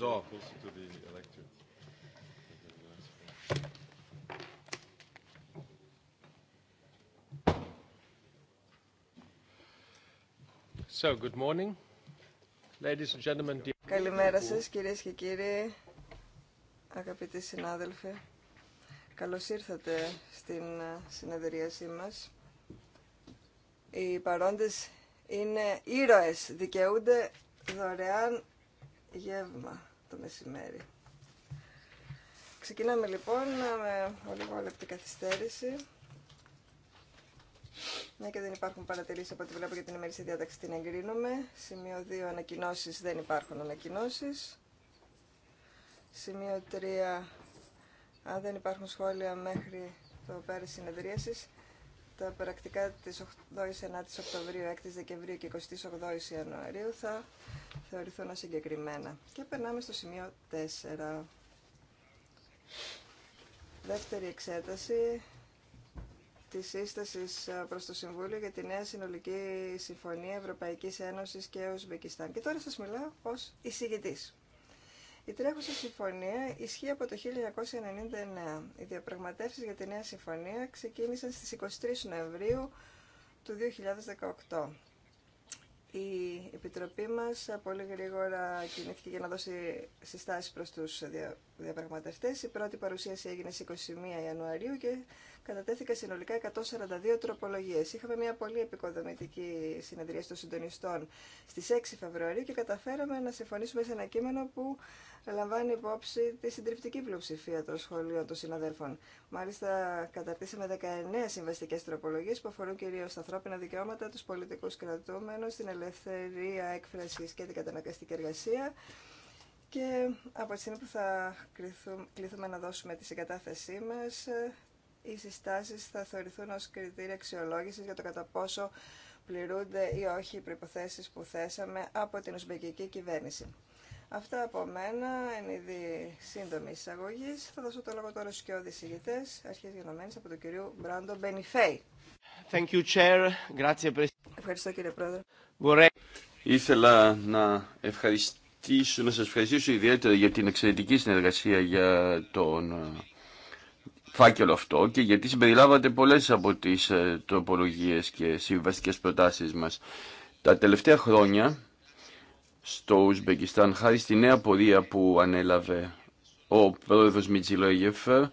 So, good morning. Ladies Καλημέρα σας κυρίες και κύριοι, αγαπητοί συνάδελφοι. Καλώς ήρθατε στην συνεδρίασή μας. Οι παρόντες είναι ήρωες, δικαιούνται δωρεάν γεύμα μεσημέρι. Ξεκινάμε λοιπόν με λίγο λεπτή καθυστέρηση. Ναι και δεν υπάρχουν παρατηρήσεις από ό,τι βλέπω για την ημερήσια διάταξη την εγκρίνουμε. Σημείο 2 ανακοινώσει δεν υπάρχουν ανακοινώσει. Σημείο 3 αν δεν υπάρχουν σχόλια μέχρι το πέρας συνεδρίασης τα πρακτικά της 8ης, 9ης Οκτωβρίου, 6ης Δεκεμβρίου και 28ης Ιανουαρίου θα θεωρηθούν ασυγκεκριμένα. Και περνάμε στο σημείο 4. Δεύτερη εξέταση τη σύσταση προς το Συμβούλιο για τη νέα συνολική συμφωνία Ευρωπαϊκής Ένωσης και Ουσβεκιστάν. Και τώρα σας μιλάω ως εισηγητής. Η τρέχουσα συμφωνία ισχύει από το 1999. Οι διαπραγματεύσεις για τη νέα συμφωνία ξεκίνησαν στις 23 Νοεμβρίου του 2018. Η Επιτροπή μας πολύ γρήγορα κινήθηκε για να δώσει συστάσεις προς τους διαπραγματευτές. Η πρώτη παρουσίαση έγινε στις 21 Ιανουαρίου και κατατέθηκαν συνολικά 142 τροπολογίες. Είχαμε μια πολύ επικοδομητική συνεδρία των συντονιστών στις 6 Φεβρουαρίου και καταφέραμε να συμφωνήσουμε σε ένα κείμενο που λαμβάνει υπόψη τη συντριπτική πλειοψηφία των σχολείων των συναδέλφων. Μάλιστα, καταρτήσαμε 19 συμβαστικέ τροπολογίε που αφορούν κυρίω τα ανθρώπινα δικαιώματα, του πολιτικού κρατούμενου, την ελευθερία έκφραση και την καταναγκαστική εργασία. Και από τη στιγμή που θα κληθούμε να δώσουμε τη συγκατάθεσή μα οι συστάσει θα θεωρηθούν ω κριτήρια αξιολόγηση για το κατά πόσο πληρούνται ή όχι οι προποθέσει που θέσαμε από την Ουσμπεκική κυβέρνηση. Αυτά από μένα εν είδη σύντομη εισαγωγή. Θα δώσω το λόγο τώρα στου και ηγητέ, αρχέ γενομένε από τον κύριο Μπράντο Μπενιφέη. Ευχαριστώ, κύριε Πρόεδρε. Ήθελα να ευχαριστήσω, να σας ευχαριστήσω ιδιαίτερα για την εξαιρετική συνεργασία για τον ε, φάκελο αυτό και γιατί συμπεριλάβατε πολλές από τις ε, τροπολογίες και συμβαστικές προτάσεις μας. Τα τελευταία χρόνια στο Ουσμπεκιστάν χάρη στη νέα πορεία που ανέλαβε ο πρόεδρος Μιτζιλόγεφ ε,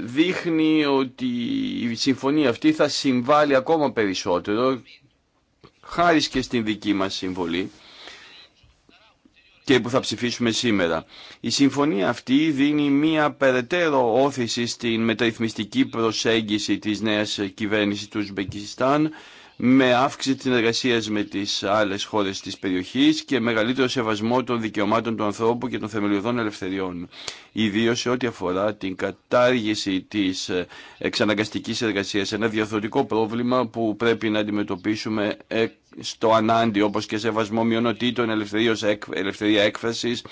δείχνει ότι η συμφωνία αυτή θα συμβάλλει ακόμα περισσότερο χάρη και στην δική μας συμβολή και που θα ψηφίσουμε σήμερα. Η συμφωνία αυτή δίνει μία περαιτέρω όθηση στην μεταρρυθμιστική προσέγγιση της νέας κυβέρνησης του Ουσμπεκιστάν με αύξηση της εργασίας με τις άλλες χώρες της περιοχής και μεγαλύτερο σεβασμό των δικαιωμάτων του ανθρώπου και των θεμελιωδών ελευθεριών. Ιδίω σε ό,τι αφορά την κατάργηση της ε, εξαναγκαστικής εργασίας, ένα διαθωτικό πρόβλημα που πρέπει να αντιμετωπίσουμε ε, στο ανάντι, όπως και σεβασμό μειονοτήτων, ελευθερία έκφρασης,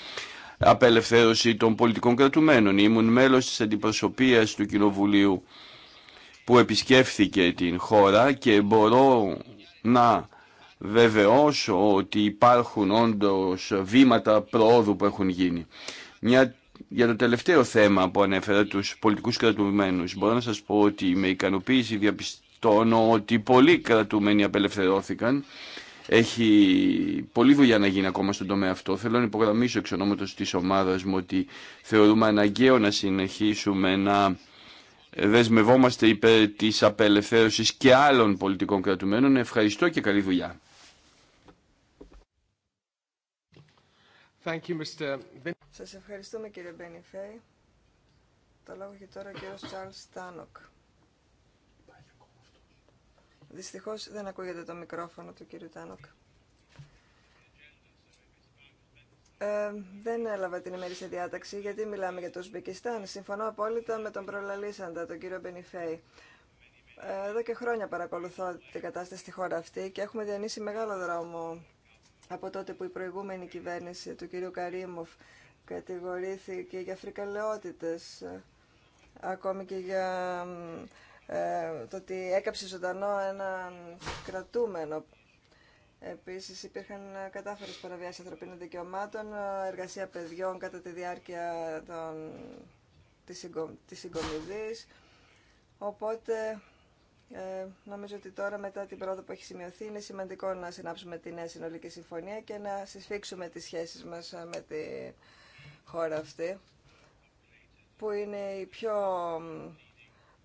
απελευθέρωση των πολιτικών κρατουμένων. Ήμουν μέλος της αντιπροσωπείας του Κοινοβουλίου που επισκέφθηκε την χώρα και μπορώ να βεβαιώσω ότι υπάρχουν όντως βήματα προόδου που έχουν γίνει. Μια, για το τελευταίο θέμα που ανέφερα, τους πολιτικούς κρατουμένους, μπορώ να σας πω ότι με ικανοποίηση διαπιστώνω ότι πολλοί κρατουμένοι απελευθερώθηκαν. Έχει πολλή δουλειά να γίνει ακόμα στον τομέα αυτό. Θέλω να υπογραμμίσω εξ ονόματος της ομάδας μου ότι θεωρούμε αναγκαίο να συνεχίσουμε να δεσμευόμαστε υπέρ της απελευθέρωσης και άλλων πολιτικών κρατουμένων. Ευχαριστώ και καλή δουλειά. Thank you, Mr. Σας ευχαριστούμε κύριε Μπενιφέη. Το λόγο έχει τώρα ο κύριος Τσάρλς Στάνοκ. Δυστυχώς δεν ακούγεται το μικρόφωνο του κύριου Τάνοκ. Ε, δεν έλαβα την ημερήσια διάταξη γιατί μιλάμε για το Ουσμπεκιστάν. Συμφωνώ απόλυτα με τον προλαλήσαντα, τον κύριο Μπενιφέη. Ε, εδώ και χρόνια παρακολουθώ την κατάσταση στη χώρα αυτή και έχουμε διανύσει μεγάλο δρόμο από τότε που η προηγούμενη κυβέρνηση του κυρίου Καρίμοφ κατηγορήθηκε για φρικαλαιότητες, ε, ακόμη και για ε, το ότι έκαψε ζωντανό έναν κρατούμενο Επίσης υπήρχαν κατάφορε παραβιάσεις ανθρωπίνων δικαιωμάτων, εργασία παιδιών κατά τη διάρκεια των, της, Οπότε ε, νομίζω ότι τώρα μετά την πρόοδο που έχει σημειωθεί είναι σημαντικό να συνάψουμε τη νέα συνολική συμφωνία και να συσφίξουμε τις σχέσεις μας ε, με τη χώρα αυτή που είναι η πιο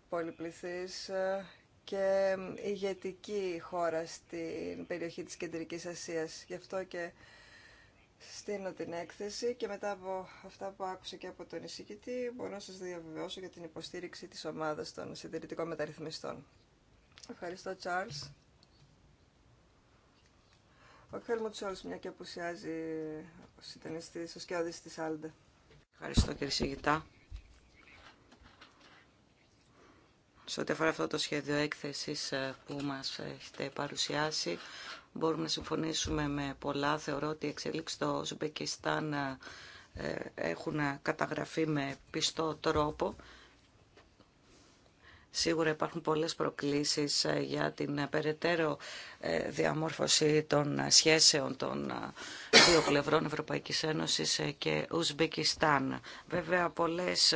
πολυπληθής ε, και ηγετική χώρα στην περιοχή της Κεντρικής Ασίας. Γι' αυτό και στείλω την έκθεση και μετά από αυτά που άκουσα και από τον εισηγητή μπορώ να σας διαβεβαιώσω για την υποστήριξη της ομάδας των συντηρητικών μεταρρυθμιστών. Ευχαριστώ, Τσάρλς. Ο Χέλμοντ Σόλς, μια και απουσιάζει ο συντονιστής, ο σκιώδης της Άλντε. Ευχαριστώ, κύριε Σιγητά. σε ό,τι αφορά αυτό το σχέδιο έκθεσης ε, που μας έχετε παρουσιάσει. Μπορούμε να συμφωνήσουμε με πολλά. Θεωρώ ότι οι εξελίξεις στο Ζουμπεκιστάν ε, έχουν καταγραφεί με πιστό τρόπο Σίγουρα υπάρχουν πολλές προκλήσεις ε, για την ε, περαιτέρω ε, διαμόρφωση των σχέσεων των δύο πλευρών Ευρωπαϊκής Ένωσης και Ουσμπικιστάν. Βέβαια, πολλές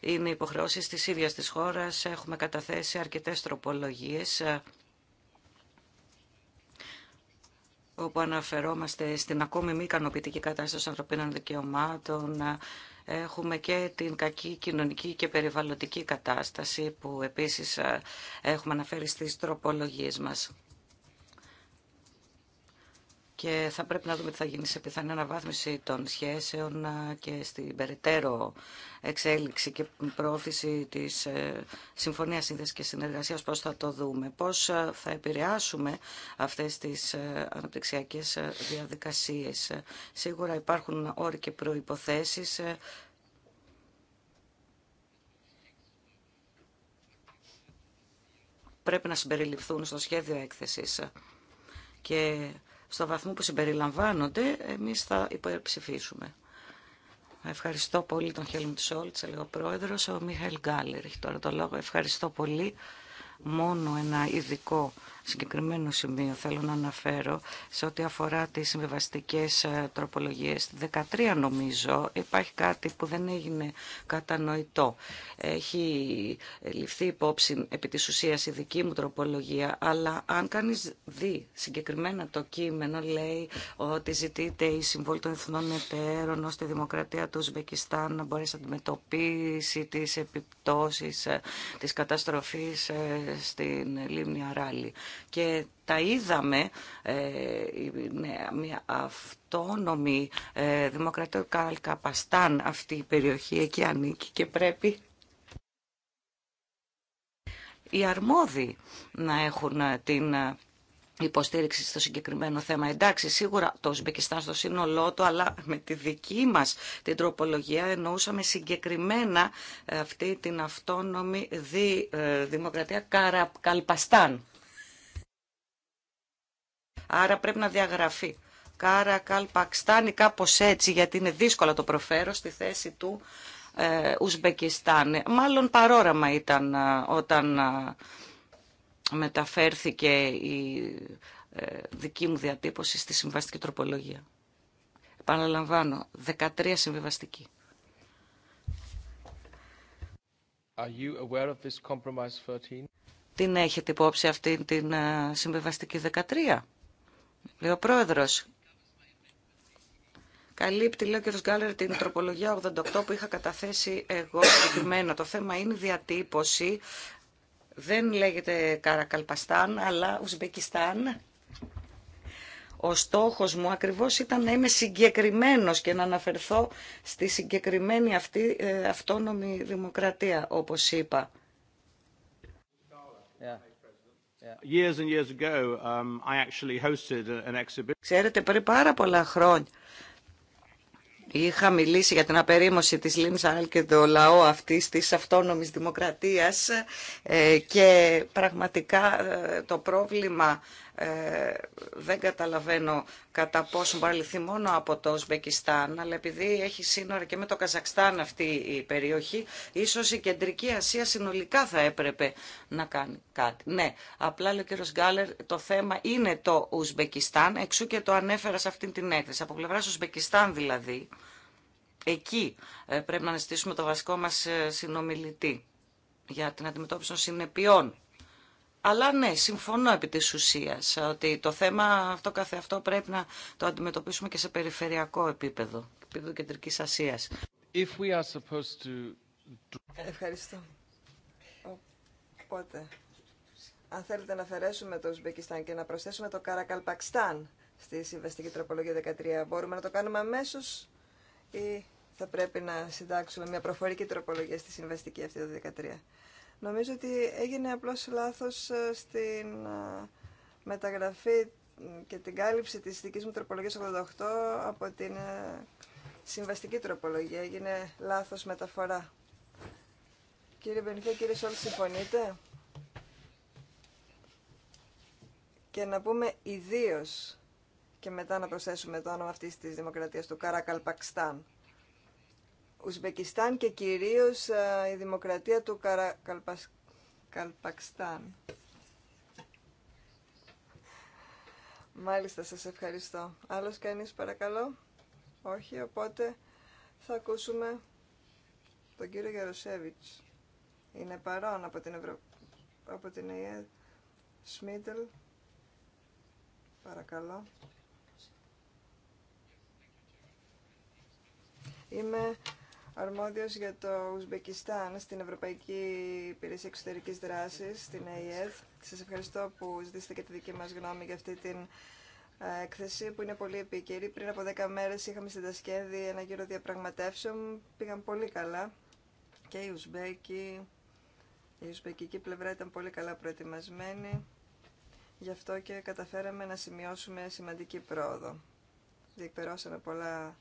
είναι υποχρεώσεις της ίδιας της χώρας. Έχουμε καταθέσει αρκετές τροπολογίες όπου αναφερόμαστε στην ακόμη μη ικανοποιητική κατάσταση των ανθρωπίνων δικαιωμάτων, Έχουμε και την κακή κοινωνική και περιβαλλοντική κατάσταση που επίσης ε, έχουμε αναφέρει στις τροπολογίες μας και θα πρέπει να δούμε τι θα γίνει σε πιθανή αναβάθμιση των σχέσεων ε, και στην περαιτέρω εξέλιξη και πρόθεση της ε, Συμφωνίας Σύνδεσης και Συνεργασίας, πώς θα το δούμε, πώς ε, θα επηρεάσουμε αυτές τις αναπτυξιακές διαδικασίες. Σίγουρα υπάρχουν όροι και προϋποθέσεις πρέπει να συμπεριληφθούν στο σχέδιο έκθεσης και στο βαθμό που συμπεριλαμβάνονται, εμείς θα υπερψηφίσουμε. Ευχαριστώ πολύ τον Χέλμουντ Σόλτς, έλεγε ο πρόεδρο. Ο Μιχαήλ Γκάλερ έχει τώρα το λόγο. Ευχαριστώ πολύ. Μόνο ένα ειδικό συγκεκριμένο σημείο θέλω να αναφέρω σε ό,τι αφορά τις συμβιβαστικέ ε, τροπολογίες. 13 νομίζω υπάρχει κάτι που δεν έγινε κατανοητό. Έχει ληφθεί υπόψη επί της ουσίας η δική μου τροπολογία, αλλά αν κανείς δει συγκεκριμένα το κείμενο λέει ότι ζητείται η συμβόλη των εθνών εταίρων ώστε η δημοκρατία του Ουσβεκιστάν να μπορέσει να αντιμετωπίσει τις επιπτώσεις ε, της καταστροφής ε, στην λίμνη Αράλη και τα είδαμε είναι μια αυτόνομη ε, δημοκρατία αυτή η περιοχή εκεί ανήκει και πρέπει οι αρμόδιοι να έχουν ε, την ε, υποστήριξη στο συγκεκριμένο θέμα. Εντάξει, σίγουρα το Ουσμπεκιστάν στο σύνολό του, αλλά με τη δική μας την τροπολογία εννοούσαμε συγκεκριμένα αυτή την αυτόνομη δημοκρατία Καλπαστάν. Άρα πρέπει να διαγραφεί. Κάρα Καλπακστάνη κάπως έτσι γιατί είναι δύσκολο το προφέρω στη θέση του ε, Ουσμπεκιστάν. Μάλλον παρόραμα ήταν ε, όταν ε, μεταφέρθηκε η ε, δική μου διατύπωση στη συμβαστική τροπολογία. Επαναλαμβάνω, 13 συμβιβαστική. Are you aware of this 13? Την έχετε υπόψη αυτή την συμβιβαστική 13 Λέει ο πρόεδρος. Καλύπτει, λέει ο κ. Γκάλερ, την τροπολογία 88 που είχα καταθέσει εγώ συγκεκριμένα. Το θέμα είναι η διατύπωση. Δεν λέγεται Καρακαλπαστάν, αλλά Ουσμπεκιστάν. Ο στόχος μου ακριβώς ήταν να είμαι συγκεκριμένος και να αναφερθώ στη συγκεκριμένη αυτή ε, αυτόνομη δημοκρατία, όπως είπα. Years Ξέρετε, πριν πάρα πολλά χρόνια είχα μιλήσει για την απερίμωση της Λίνης Αλ και το λαό αυτής της αυτόνομης δημοκρατίας ε, και πραγματικά ε, το πρόβλημα ε, δεν καταλαβαίνω κατά πόσο μπορεί μόνο από το Ουσμπεκιστάν, αλλά επειδή έχει σύνορα και με το Καζακστάν αυτή η περιοχή, ίσως η Κεντρική Ασία συνολικά θα έπρεπε να κάνει κάτι. Ναι, απλά λέει ο κύριος Γκάλερ, το θέμα είναι το Ουσμπεκιστάν, εξού και το ανέφερα σε αυτή την έκθεση. Από πλευρά Ουσμπεκιστάν δηλαδή, εκεί ε, πρέπει να αναστήσουμε το βασικό μας ε, συνομιλητή για την αντιμετώπιση των συνεπειών αλλά ναι, συμφωνώ επί της ουσίας ότι το θέμα αυτό καθεαυτό πρέπει να το αντιμετωπίσουμε και σε περιφερειακό επίπεδο, επίπεδο Κεντρικής Ασίας. to... Ευχαριστώ. Οπότε, αν θέλετε να αφαιρέσουμε το Ουσμπεκιστάν και να προσθέσουμε το Καρακαλπακστάν στη Συμβαστική Τροπολογία 13, μπορούμε να το κάνουμε αμέσω ή θα πρέπει να συντάξουμε μια προφορική τροπολογία στη Συμβαστική αυτή το 13. Νομίζω ότι έγινε απλώς λάθος ε, στην ε, μεταγραφή και την κάλυψη της δικής μου τροπολογίας 88 από την ε, συμβαστική τροπολογία. Έγινε λάθος μεταφορά. Κύριε Μπενιθέ, κύριε Σόλ, συμφωνείτε? Και να πούμε ιδίω και μετά να προσθέσουμε το όνομα αυτής της δημοκρατίας του Καρακαλπακστάν. Ουσμπεκιστάν και κυρίως ε, η δημοκρατία του Καρα... Καλπακστάν. Μάλιστα, σας ευχαριστώ. Άλλος κανείς παρακαλώ. Όχι, οπότε θα ακούσουμε τον κύριο Γεροσέβιτς. Είναι παρόν από την, Ευρω... από την ΕΕ. Σμίτελ. Παρακαλώ. Είμαι αρμόδιος για το Ουσμπεκιστάν στην Ευρωπαϊκή Υπηρεσία Εξωτερικής Δράσης, στην ΑΕΔ. Σας ευχαριστώ που ζητήσατε και τη δική μας γνώμη για αυτή την ε, έκθεση που είναι πολύ επίκαιρη. Πριν από 10 μέρες είχαμε στην Τασκέδη ένα γύρο διαπραγματεύσεων, πήγαν πολύ καλά και οι Ουσμπέκη, η Ουσμπεκική πλευρά ήταν πολύ καλά προετοιμασμένη. Γι' αυτό και καταφέραμε να σημειώσουμε σημαντική πρόοδο. Διεκπερώσαμε πολλά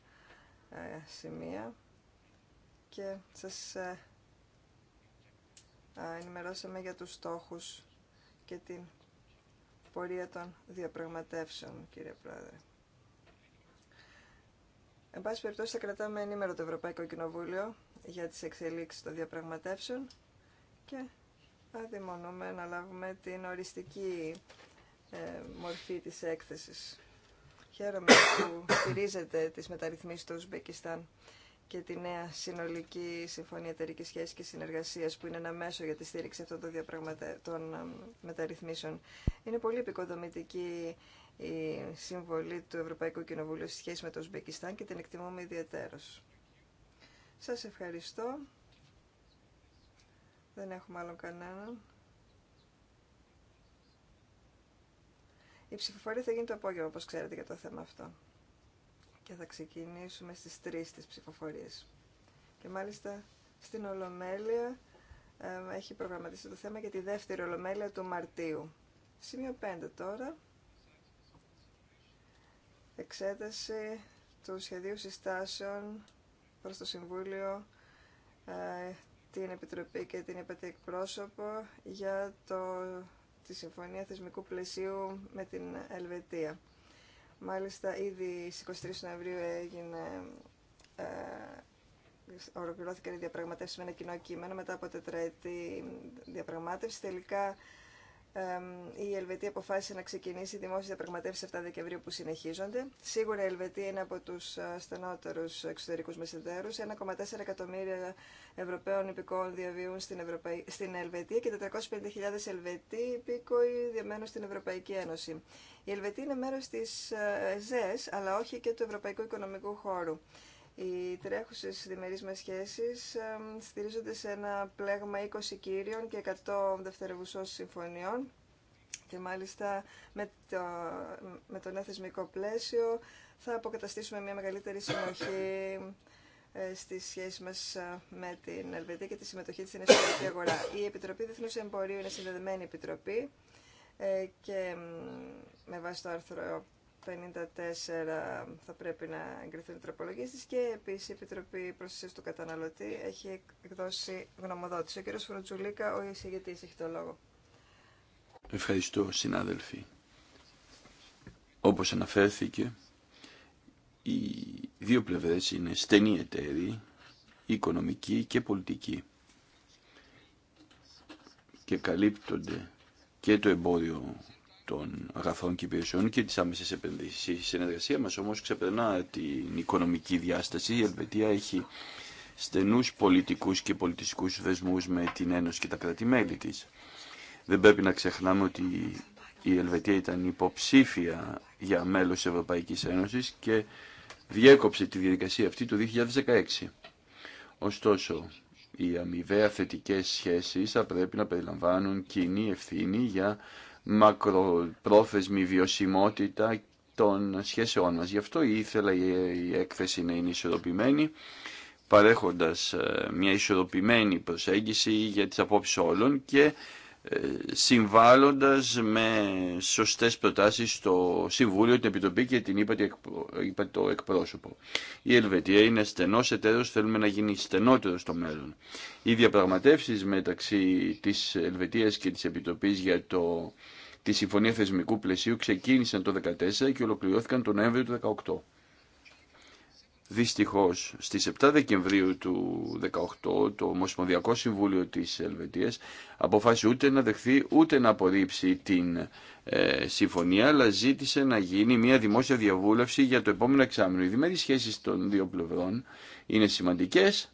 ε, σημεία και σας ε, ενημερώσαμε για τους στόχους και την πορεία των διαπραγματεύσεων, κύριε Πρόεδρε. Εν πάση περιπτώσει, θα κρατάμε ενήμερο το Ευρωπαϊκό Κοινοβούλιο για τις εξελίξεις των διαπραγματεύσεων και δημονούμε να λάβουμε την οριστική ε, μορφή της έκθεσης. Χαίρομαι που στηρίζετε τις μεταρρυθμίσεις του Ουσμπεκιστάν και τη νέα συνολική συμφωνία εταιρική σχέση και συνεργασία, που είναι ένα μέσο για τη στήριξη αυτών των, διαπραγματε... των ε, μεταρρυθμίσεων. Είναι πολύ επικοδομητική η συμβολή του Ευρωπαϊκού Κοινοβουλίου στη σχέση με το Ουσμπεκιστάν και την εκτιμούμε ιδιαίτερω. Σας ευχαριστώ. Δεν έχουμε άλλον κανέναν. Η ψηφοφορία θα γίνει το απόγευμα, όπως ξέρετε, για το θέμα αυτό και θα ξεκινήσουμε στις τρεις τις ψηφοφορίες. Και μάλιστα στην Ολομέλεια ε, έχει προγραμματίσει το θέμα για τη δεύτερη Ολομέλεια του Μαρτίου. Σημείο 5 τώρα. Εξέταση του σχεδίου συστάσεων προς το Συμβούλιο, ε, την Επιτροπή και την Επατή Εκπρόσωπο για το, τη Συμφωνία Θεσμικού Πλαισίου με την Ελβετία. Μάλιστα, ήδη στις 23 Νοεμβρίου έγινε, ε, ολοκληρώθηκαν οι διαπραγματεύσεις με ένα κοινό κείμενο μετά από τετραετή διαπραγμάτευση. Τελικά η Ελβετία αποφάσισε να ξεκινήσει δημόσιες διαπραγματεύσει 7 Δεκεμβρίου που συνεχίζονται. Σίγουρα η Ελβετία είναι από του ε, στενότερου εξωτερικού μεσεντέρου. 1,4 εκατομμύρια Ευρωπαίων υπηκόων διαβίουν στην, Ευρωπαϊ... στην Ελβετία και 450.000 Ελβετοί υπήκοοι διαμένουν στην Ευρωπαϊκή Ένωση. Η Ελβετία είναι μέρο τη ε, ΖΕΣ αλλά όχι και του Ευρωπαϊκού Οικονομικού Χώρου. Οι τρέχουσες διμερείς μας σχέσεις στηρίζονται σε ένα πλέγμα 20 κύριων και 100 δευτερευουσών συμφωνιών και μάλιστα με το, με το νέο θεσμικό πλαίσιο θα αποκαταστήσουμε μια μεγαλύτερη συνοχή ε, στη σχέση μας ε, με την Ελβετία και τη συμμετοχή της στην εσωτερική αγορά. Η Επιτροπή Διεθνούς Εμπορίου είναι συνδεδεμένη επιτροπή ε, και με βάση το άρθρο 54 θα πρέπει να εγκριθούν οι τροπολογίες και επίση η Επιτροπή Προστασίας του Καταναλωτή έχει εκδώσει γνωμοδότηση. Ο κύριος Φροντζουλίκα, ο εισηγητής, έχει το λόγο. Ευχαριστώ συνάδελφοι. Όπως αναφέρθηκε, οι δύο πλευρές είναι στενή εταίροι, οικονομική και πολιτική και καλύπτονται και το εμπόριο των αγαθών και υπηρεσιών και τις άμεσες επενδύσεις. Η συνεργασία μας όμως ξεπερνά την οικονομική διάσταση. Η Ελβετία έχει στενούς πολιτικούς και πολιτιστικούς δεσμούς με την Ένωση και τα κρατημέλη της. Δεν πρέπει να ξεχνάμε ότι η Ελβετία ήταν υποψήφια για μέλος της Ευρωπαϊκής Ένωσης και διέκοψε τη διαδικασία αυτή το 2016. Ωστόσο, οι αμοιβαία θετικές σχέσεις θα πρέπει να περιλαμβάνουν κοινή ευθύνη για μακροπρόθεσμη βιωσιμότητα των σχέσεών μας. Γι' αυτό ήθελα η έκθεση να είναι ισορροπημένη, παρέχοντας ε, μια ισορροπημένη προσέγγιση για τις απόψεις όλων και ε, συμβάλλοντας με σωστές προτάσεις στο Συμβούλιο, την Επιτροπή και την είπα εκπρόσωπο. Η Ελβετία είναι στενός εταίρος, θέλουμε να γίνει στενότερο στο μέλλον. Οι διαπραγματεύσεις μεταξύ της Ελβετίας και της Επιτροπής για το, τη Συμφωνία Θεσμικού Πλαισίου ξεκίνησαν το 2014 και ολοκληρώθηκαν τον Νοέμβριο του 2018. Δυστυχώς, στις 7 Δεκεμβρίου του 2018 το Ομοσπονδιακό Συμβούλιο της Ελβετίας αποφάσισε ούτε να δεχθεί ούτε να απορρίψει την ε, συμφωνία αλλά ζήτησε να γίνει μια δημόσια διαβούλευση για το επόμενο εξάμεινο. Οι διμερείς σχέσεις των δύο πλευρών είναι σημαντικές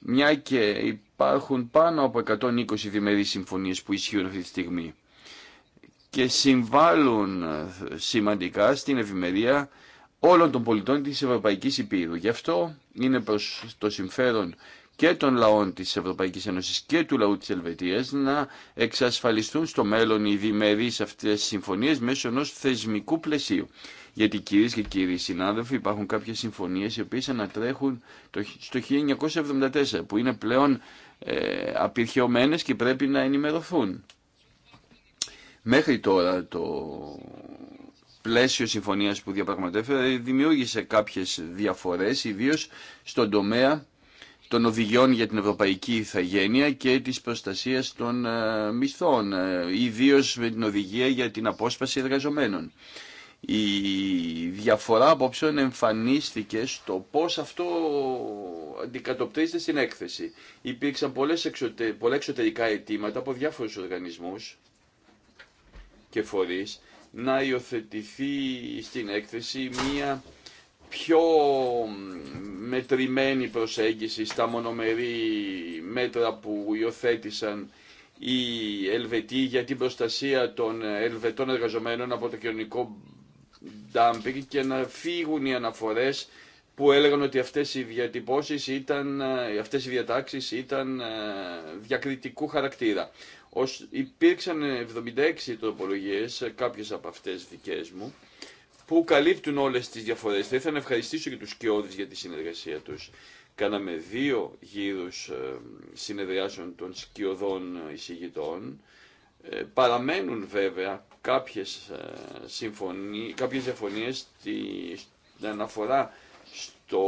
μια και υπάρχουν πάνω από 120 διμερείς συμφωνίες που ισχύουν αυτή τη στιγμή και συμβάλλουν ε, σημαντικά στην ευημερία όλων των πολιτών της Ευρωπαϊκής Υπήρου. Γι' αυτό είναι προς το συμφέρον και των λαών της Ευρωπαϊκής Ένωσης και του λαού της Ελβετίας να εξασφαλιστούν στο μέλλον οι διμερείς αυτές τις συμφωνίες μέσω ενός θεσμικού πλαισίου. Γιατί κυρίε και κύριοι συνάδελφοι υπάρχουν κάποιες συμφωνίες οι οποίες ανατρέχουν το, στο 1974 που είναι πλέον ε, και πρέπει να ενημερωθούν. Μέχρι τώρα το πλαίσιο συμφωνίας που διαπραγματεύεται ε, δημιούργησε κάποιες διαφορές, ιδίως στον τομέα των οδηγιών για την ευρωπαϊκή ηθαγένεια και της προστασίας των ε, μισθών, ε, ιδίως με την οδηγία για την απόσπαση εργαζομένων. Η διαφορά απόψεων εμφανίστηκε στο πώς αυτό αντικατοπτρίζεται στην έκθεση. Υπήρξαν πολλές εξωτε... πολλά εξωτερικά αιτήματα από διάφορους οργανισμούς και φορείς να υιοθετηθεί στην έκθεση μία πιο μετρημένη προσέγγιση στα μονομερή μέτρα που υιοθέτησαν οι Ελβετοί για την προστασία των Ελβετών εργαζομένων από το κοινωνικό ντάμπιγκ και να φύγουν οι αναφορές που έλεγαν ότι αυτές οι διατυπώσεις ήταν, ε, αυτές οι διατάξεις ήταν ε, διακριτικού χαρακτήρα. Ως υπήρξαν 76 τροπολογίες, κάποιες από αυτές δικές μου, που καλύπτουν όλες τις διαφορές. Θα ήθελα να ευχαριστήσω και τους Κιώδης για τη συνεργασία τους. Κάναμε δύο γύρους ε, συνεδριάσεων των σκιωδών εισηγητών. Ε, παραμένουν βέβαια κάποιες, ε, συμφωνίες, κάποιες διαφωνίες στην αναφορά στο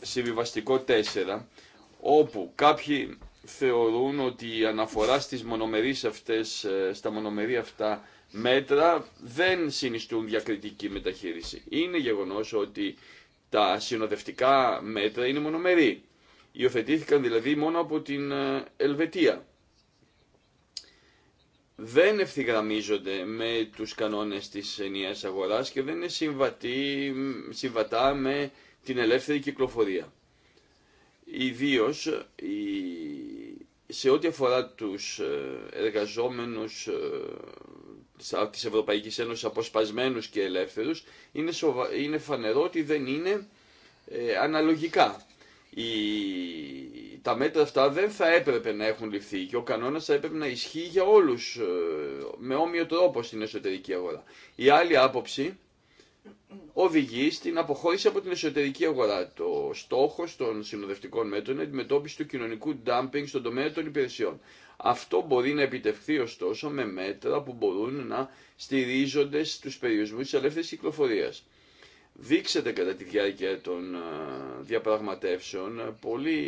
συμβιβαστικό 4, όπου κάποιοι θεωρούν ότι η αναφορά στις μονομερείς αυτές, ε, στα μονομερή αυτά μέτρα δεν συνιστούν διακριτική μεταχείριση. Είναι γεγονός ότι τα συνοδευτικά μέτρα είναι μονομερή. Υιοθετήθηκαν δηλαδή μόνο από την ε, Ελβετία. Δεν ευθυγραμμίζονται με τους κανόνες της ενιαίας αγοράς και δεν είναι συμβατή, συμβατά με την ελεύθερη κυκλοφορία. Ιδίω σε ό,τι αφορά τους ε, εργαζόμενους ε, της Ευρωπαϊκής Ένωσης αποσπασμένους και ελεύθερους, είναι, είναι φανερό ότι δεν είναι ε, αναλογικά. Η... Τα μέτρα αυτά δεν θα έπρεπε να έχουν ληφθεί και ο κανόνας θα έπρεπε να ισχύει για όλους με όμοιο τρόπο στην εσωτερική αγορά. Η άλλη άποψη οδηγεί στην αποχώρηση από την εσωτερική αγορά. Το στόχο των συνοδευτικών μέτρων είναι η αντιμετώπιση του κοινωνικού dumping στον τομέα των υπηρεσιών. Αυτό μπορεί να επιτευχθεί ωστόσο με μέτρα που μπορούν να στηρίζονται στους περιορισμούς της ελεύθερης κυκλοφορίας. Δείξατε κατά τη διάρκεια των διαπραγματεύσεων πολύ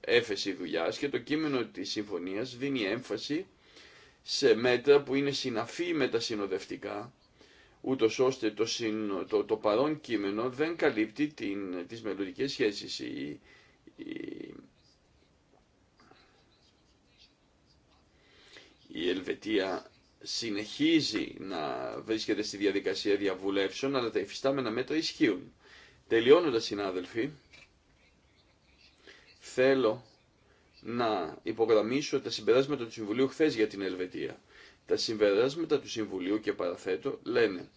έφεση δουλειά και το κείμενο της συμφωνίας δίνει έμφαση σε μέτρα που είναι συναφή με τα συνοδευτικά ούτω ώστε το, το, το, παρόν κείμενο δεν καλύπτει την, τις μελλοντικές σχέσεις. Η, Ελβετία συνεχίζει να βρίσκεται στη διαδικασία διαβουλεύσεων, αλλά τα υφιστάμενα μέτρα ισχύουν. Τελειώνοντας, συνάδελφοι, θέλω να υπογραμμίσω τα συμπεράσματα του Συμβουλίου χθε για την Ελβετία. Τα συμπεράσματα του Συμβουλίου και παραθέτω λένε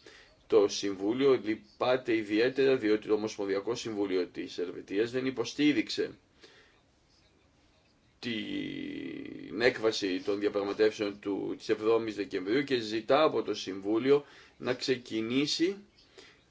το Συμβούλιο λυπάται ιδιαίτερα διότι το Ομοσπονδιακό Συμβούλιο της Ελβετίας δεν υποστήριξε την έκβαση των διαπραγματεύσεων του, της 7ης Δεκεμβρίου και ζητά από το Συμβούλιο να ξεκινήσει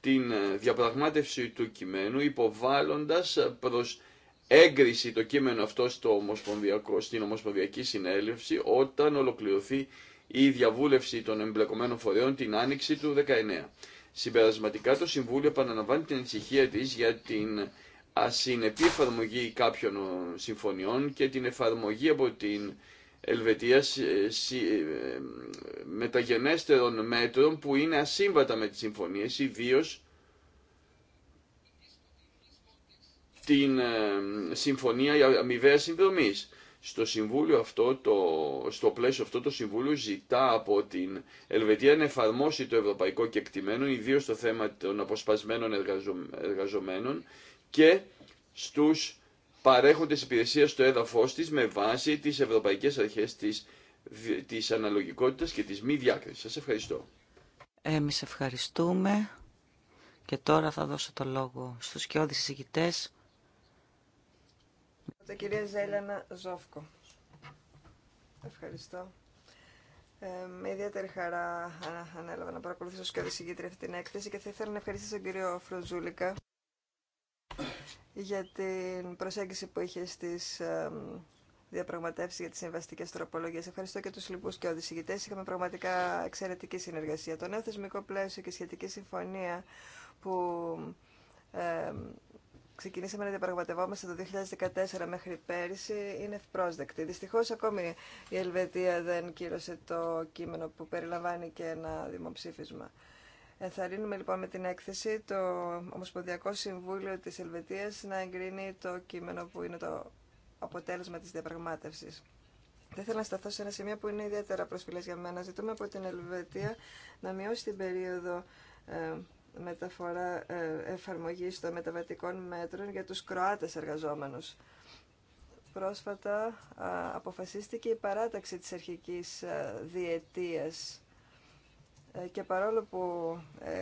την ε, διαπραγμάτευση του κειμένου υποβάλλοντας προς έγκριση το κείμενο αυτό στο ομοσπονδιακό, στην Ομοσπονδιακή Συνέλευση όταν ολοκληρωθεί η διαβούλευση των εμπλεκομένων φορέων την άνοιξη του 19. Συμπερασματικά το Συμβούλιο επαναλαμβάνει την ανησυχία της για την ασυνεπή εφαρμογή κάποιων συμφωνιών και την εφαρμογή από την Ελβετία ε, μεταγενέστερων μέτρων που είναι ασύμβατα με τις συμφωνίες, ιδίως την ε, συμφωνία για αμοιβαία συνδρομή. Στο, συμβούλιο αυτό το, στο πλαίσιο αυτό το Συμβούλιο ζητά από την Ελβετία να εφαρμόσει το ευρωπαϊκό κεκτημένο, ιδίως στο θέμα των αποσπασμένων εργαζομένων και στους παρέχοντες υπηρεσία στο έδαφος της με βάση τις ευρωπαϊκές αρχές της, της αναλογικότητας και της μη διάκρισης. Σας ευχαριστώ. Εμείς ευχαριστούμε και τώρα θα δώσω το λόγο στους κοιόδης συζητητές. Τα κυρία Ζέλανα Ζόφκο. Ευχαριστώ. Ε, με ιδιαίτερη χαρά ανέλαβα να παρακολουθήσω και οδησυγήτρια αυτή την έκθεση και θα ήθελα να ευχαριστήσω τον κύριο Φροζούλικα για την προσέγγιση που είχε στις ε, διαπραγματεύσει για τις συμβαστικέ τροπολογίες. Ευχαριστώ και τους λοιπού και οδησηγητέ. Είχαμε πραγματικά εξαιρετική συνεργασία. Το νέο θεσμικό πλαίσιο και σχετική συμφωνία που ε, ξεκινήσαμε να διαπραγματευόμαστε το 2014 μέχρι πέρυσι είναι ευπρόσδεκτη. Δυστυχώ ακόμη η Ελβετία δεν κύρωσε το κείμενο που περιλαμβάνει και ένα δημοψήφισμα. Ενθαρρύνουμε λοιπόν με την έκθεση το Ομοσπονδιακό Συμβούλιο της Ελβετία να εγκρίνει το κείμενο που είναι το αποτέλεσμα τη διαπραγματεύση. Δεν θέλω να σταθώ σε ένα σημείο που είναι ιδιαίτερα προσφυλέ για μένα. Ζητούμε από την Ελβετία να μειώσει την περίοδο ε, μεταφορά ε, εφαρμογής των μεταβατικών μέτρων για τους Κροάτες εργαζόμενους. Πρόσφατα αποφασίστηκε η παράταξη της αρχικής ε, διετίας ε, και παρόλο που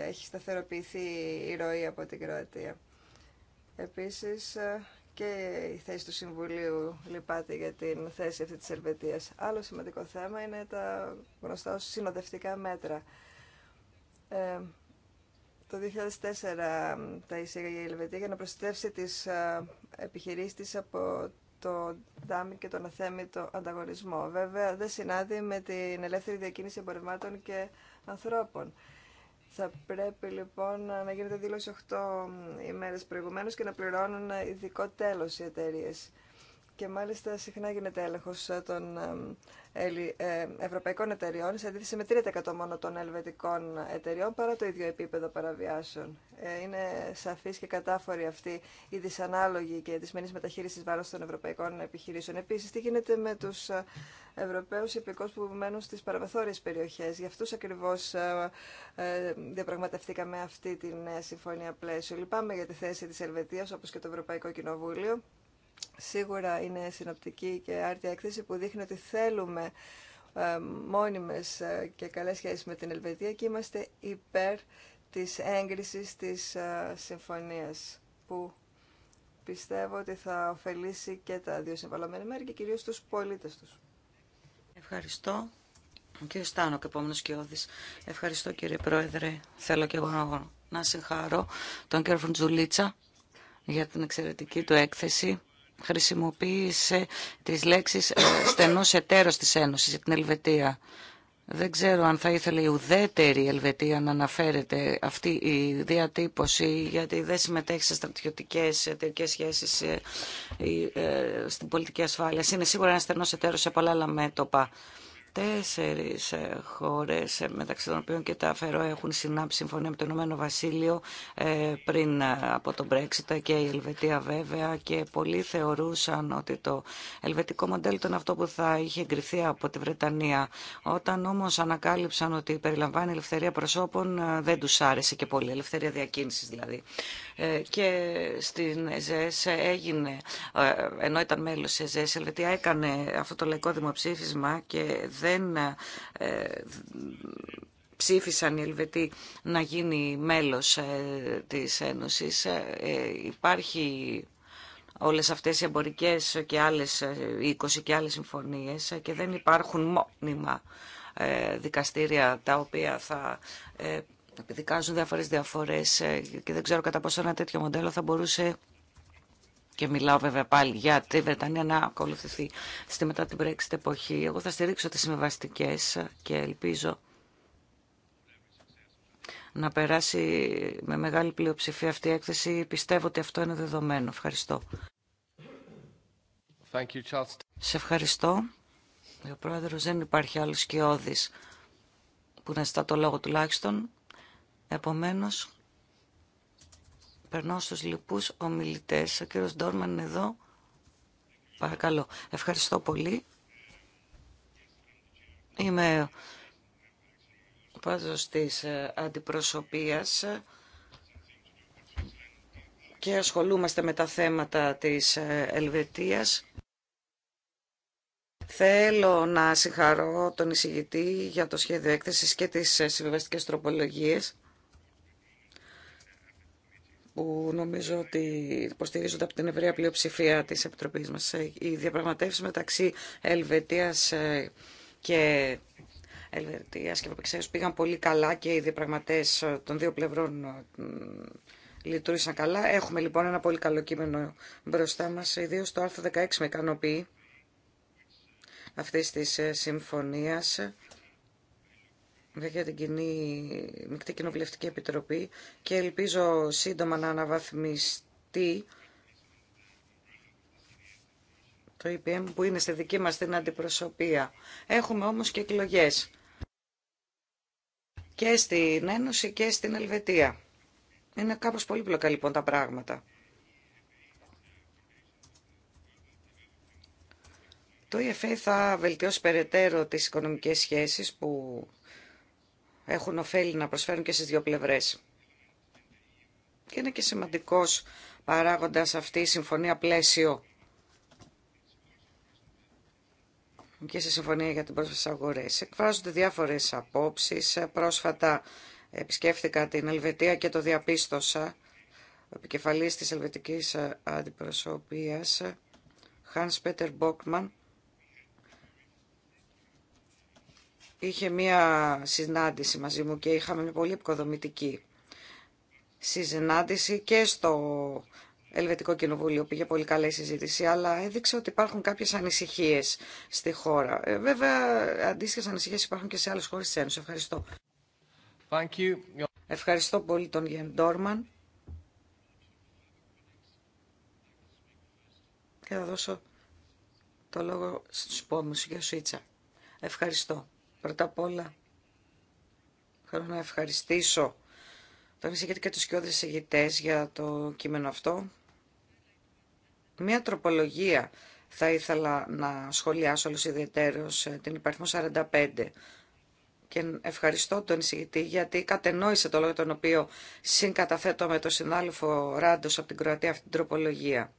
έχει σταθεροποιηθεί η ροή από την Κροατία. Επίσης και η θέση του Συμβουλίου λυπάται για την θέση αυτή της Ελβετίας. Άλλο σημαντικό θέμα είναι τα γνωστά ως συνοδευτικά μέτρα. Το 2004 τα εισήγαγε η Ελβετία για να προστατεύσει τις επιχειρήσεις από το δάμι και τον αθέμητο ανταγωνισμό. Βέβαια δεν συνάδει με την ελεύθερη διακίνηση εμπορευμάτων και ανθρώπων. Θα πρέπει λοιπόν να γίνεται δήλωση 8 ημέρες προηγουμένω και να πληρώνουν ειδικό τέλος οι εταιρείε. Και μάλιστα συχνά γίνεται έλεγχο ε, των ε, ε, ευρωπαϊκών εταιριών σε αντίθεση με 3% μόνο των ελβετικών εταιριών παρά το ίδιο επίπεδο παραβιάσεων. Είναι σαφή και κατάφορη αυτή η δυσανάλογη και δυσμενή μεταχείριση βάρο των ευρωπαϊκών επιχειρήσεων. Επίση, τι γίνεται με του Ευρωπαίου υπηκόου που μένουν στι παραμεθόρειε περιοχέ. Γι' αυτού ακριβώ διαπραγματευτήκαμε αυτή τη νέα συμφωνία πλαίσιο. Λυπάμαι για τη θέση τη Ελβετία όπω και το Ευρωπαϊκό Κοινοβούλιο Σίγουρα είναι συνοπτική και άρτια έκθεση που δείχνει ότι θέλουμε ε, μόνιμες ε, και καλές σχέσεις με την Ελβετία και είμαστε υπέρ της έγκρισης της ε, συμφωνίας που πιστεύω ότι θα ωφελήσει και τα δύο συμβαλωμένα μέρη και κυρίως τους πολίτες τους. Ευχαριστώ. Κύριε Στάνο, και επόμενος Ευχαριστώ κύριε Πρόεδρε. Θέλω και εγώ να συγχαρώ τον κύριο Φουντζουλίτσα για την εξαιρετική του έκθεση χρησιμοποίησε τις λέξεις ε, στενός εταίρος της Ένωσης για την Ελβετία. Δεν ξέρω αν θα ήθελε η ουδέτερη Ελβετία να αναφέρεται αυτή η διατύπωση, γιατί δεν συμμετέχει σε στρατιωτικέ εταιρικέ σχέσει ε, ε, στην πολιτική ασφάλεια. Είναι σίγουρα ένα στενός εταίρος σε πολλά άλλα μέτωπα. Τέσσερις ε, χώρες, ε, μεταξύ των οποίων και τα Φερό, έχουν συνάψει συμφωνία με το Ηνωμένο Βασίλειο ε, πριν από τον Brexit και η Ελβετία βέβαια και πολλοί θεωρούσαν ότι το ελβετικό μοντέλο ήταν αυτό που θα είχε εγκριθεί από τη Βρετανία. Όταν όμως ανακάλυψαν ότι περιλαμβάνει ελευθερία προσώπων δεν τους άρεσε και πολύ, ελευθερία διακίνησης δηλαδή. Και στην ΕΖΕΣ έγινε, ενώ ήταν μέλος της ΕΖΕΣ, η Ελβετία έκανε αυτό το λαϊκό δημοψήφισμα και δεν ε, ψήφισαν οι Ελβετοί να γίνει μέλος ε, της Ένωσης. Ε, υπάρχει όλες αυτές οι εμπορικές και άλλες 20 και άλλες συμφωνίες και δεν υπάρχουν μόνιμα δικαστήρια τα οποία θα δικάζουν διάφορες διαφορές και δεν ξέρω κατά πόσο ένα τέτοιο μοντέλο θα μπορούσε και μιλάω βέβαια πάλι για τη Βρετανία να ακολουθηθεί στη μετά την Brexit εποχή. Εγώ θα στηρίξω τις συμβαστικέ και ελπίζω να περάσει με μεγάλη πλειοψηφία αυτή η έκθεση. Πιστεύω ότι αυτό είναι δεδομένο. Ευχαριστώ. you, Σε ευχαριστώ. Ο πρόεδρος δεν υπάρχει άλλος σκιώδης που να ζητά το λόγο τουλάχιστον. Επομένως, Περνώ στους λοιπούς ομιλητές. Ο κύριος Ντόρμαν είναι εδώ. Παρακαλώ. Ευχαριστώ πολύ. Είμαι ο της ε, αντιπροσωπείας και ασχολούμαστε με τα θέματα της ε, Ελβετίας. Θέλω να συγχαρώ τον εισηγητή για το σχέδιο έκθεσης και τις ε, συμβιβαστικές τροπολογίες που νομίζω ότι υποστηρίζονται από την ευρεία πλειοψηφία της Επιτροπής μας. Ε, οι διαπραγματεύσει μεταξύ Ελβετίας ε, και Ελβετίας και Ευρωπαϊκής πήγαν πολύ καλά και οι διαπραγματές ε, των δύο πλευρών λειτουργήσαν καλά. Έχουμε λοιπόν ένα πολύ καλό κείμενο μπροστά μας, ιδίως το άρθρο 16 με ικανοποιεί αυτής της συμφωνίας για την κοινή Μικτή Κοινοβουλευτική Επιτροπή και ελπίζω σύντομα να αναβαθμιστεί το EPM που είναι στη δική μας την αντιπροσωπεία. Έχουμε όμως και εκλογές και στην Ένωση και στην Ελβετία. Είναι κάπως πολύπλοκα λοιπόν τα πράγματα. Το EFA θα βελτιώσει περαιτέρω τις οικονομικές σχέσεις που έχουν ωφέλη να προσφέρουν και στις δύο πλευρές. Και είναι και σημαντικός παράγοντας αυτή η συμφωνία πλαίσιο και σε Συμφωνία για την Πρόσφαση Αγορές. Εκφράζονται διάφορες απόψεις. Πρόσφατα επισκέφθηκα την Ελβετία και το διαπίστωσα. Ο επικεφαλής της Ελβετικής Αντιπροσωπείας, Hans Peter Bockmann, είχε μία συνάντηση μαζί μου και είχαμε μια πολύ επικοδομητική συνάντηση και στο Ελβετικό Κοινοβούλιο πήγε πολύ καλή συζήτηση, αλλά έδειξε ότι υπάρχουν κάποιες ανησυχίες στη χώρα. Ε, βέβαια, αντίστοιχες ανησυχίες υπάρχουν και σε άλλες χώρες της Ένωσης. Ευχαριστώ. Thank you. Ευχαριστώ πολύ τον Γιάννη Ντόρμαν. Και θα δώσω το λόγο στους πόμους για Σουίτσα. Ευχαριστώ. Πρώτα απ' όλα θέλω να ευχαριστήσω τον εισηγητή και τους κοιόδρες εισηγητές για το κείμενο αυτό. Μία τροπολογία θα ήθελα να σχολιάσω όλους ιδιαιτέρως ε, την υπαριθμό 45 και ευχαριστώ τον εισηγητή γιατί κατενόησε το λόγο τον οποίο συγκαταθέτω με τον συνάδελφο Ράντος από την Κροατία αυτή την τροπολογία.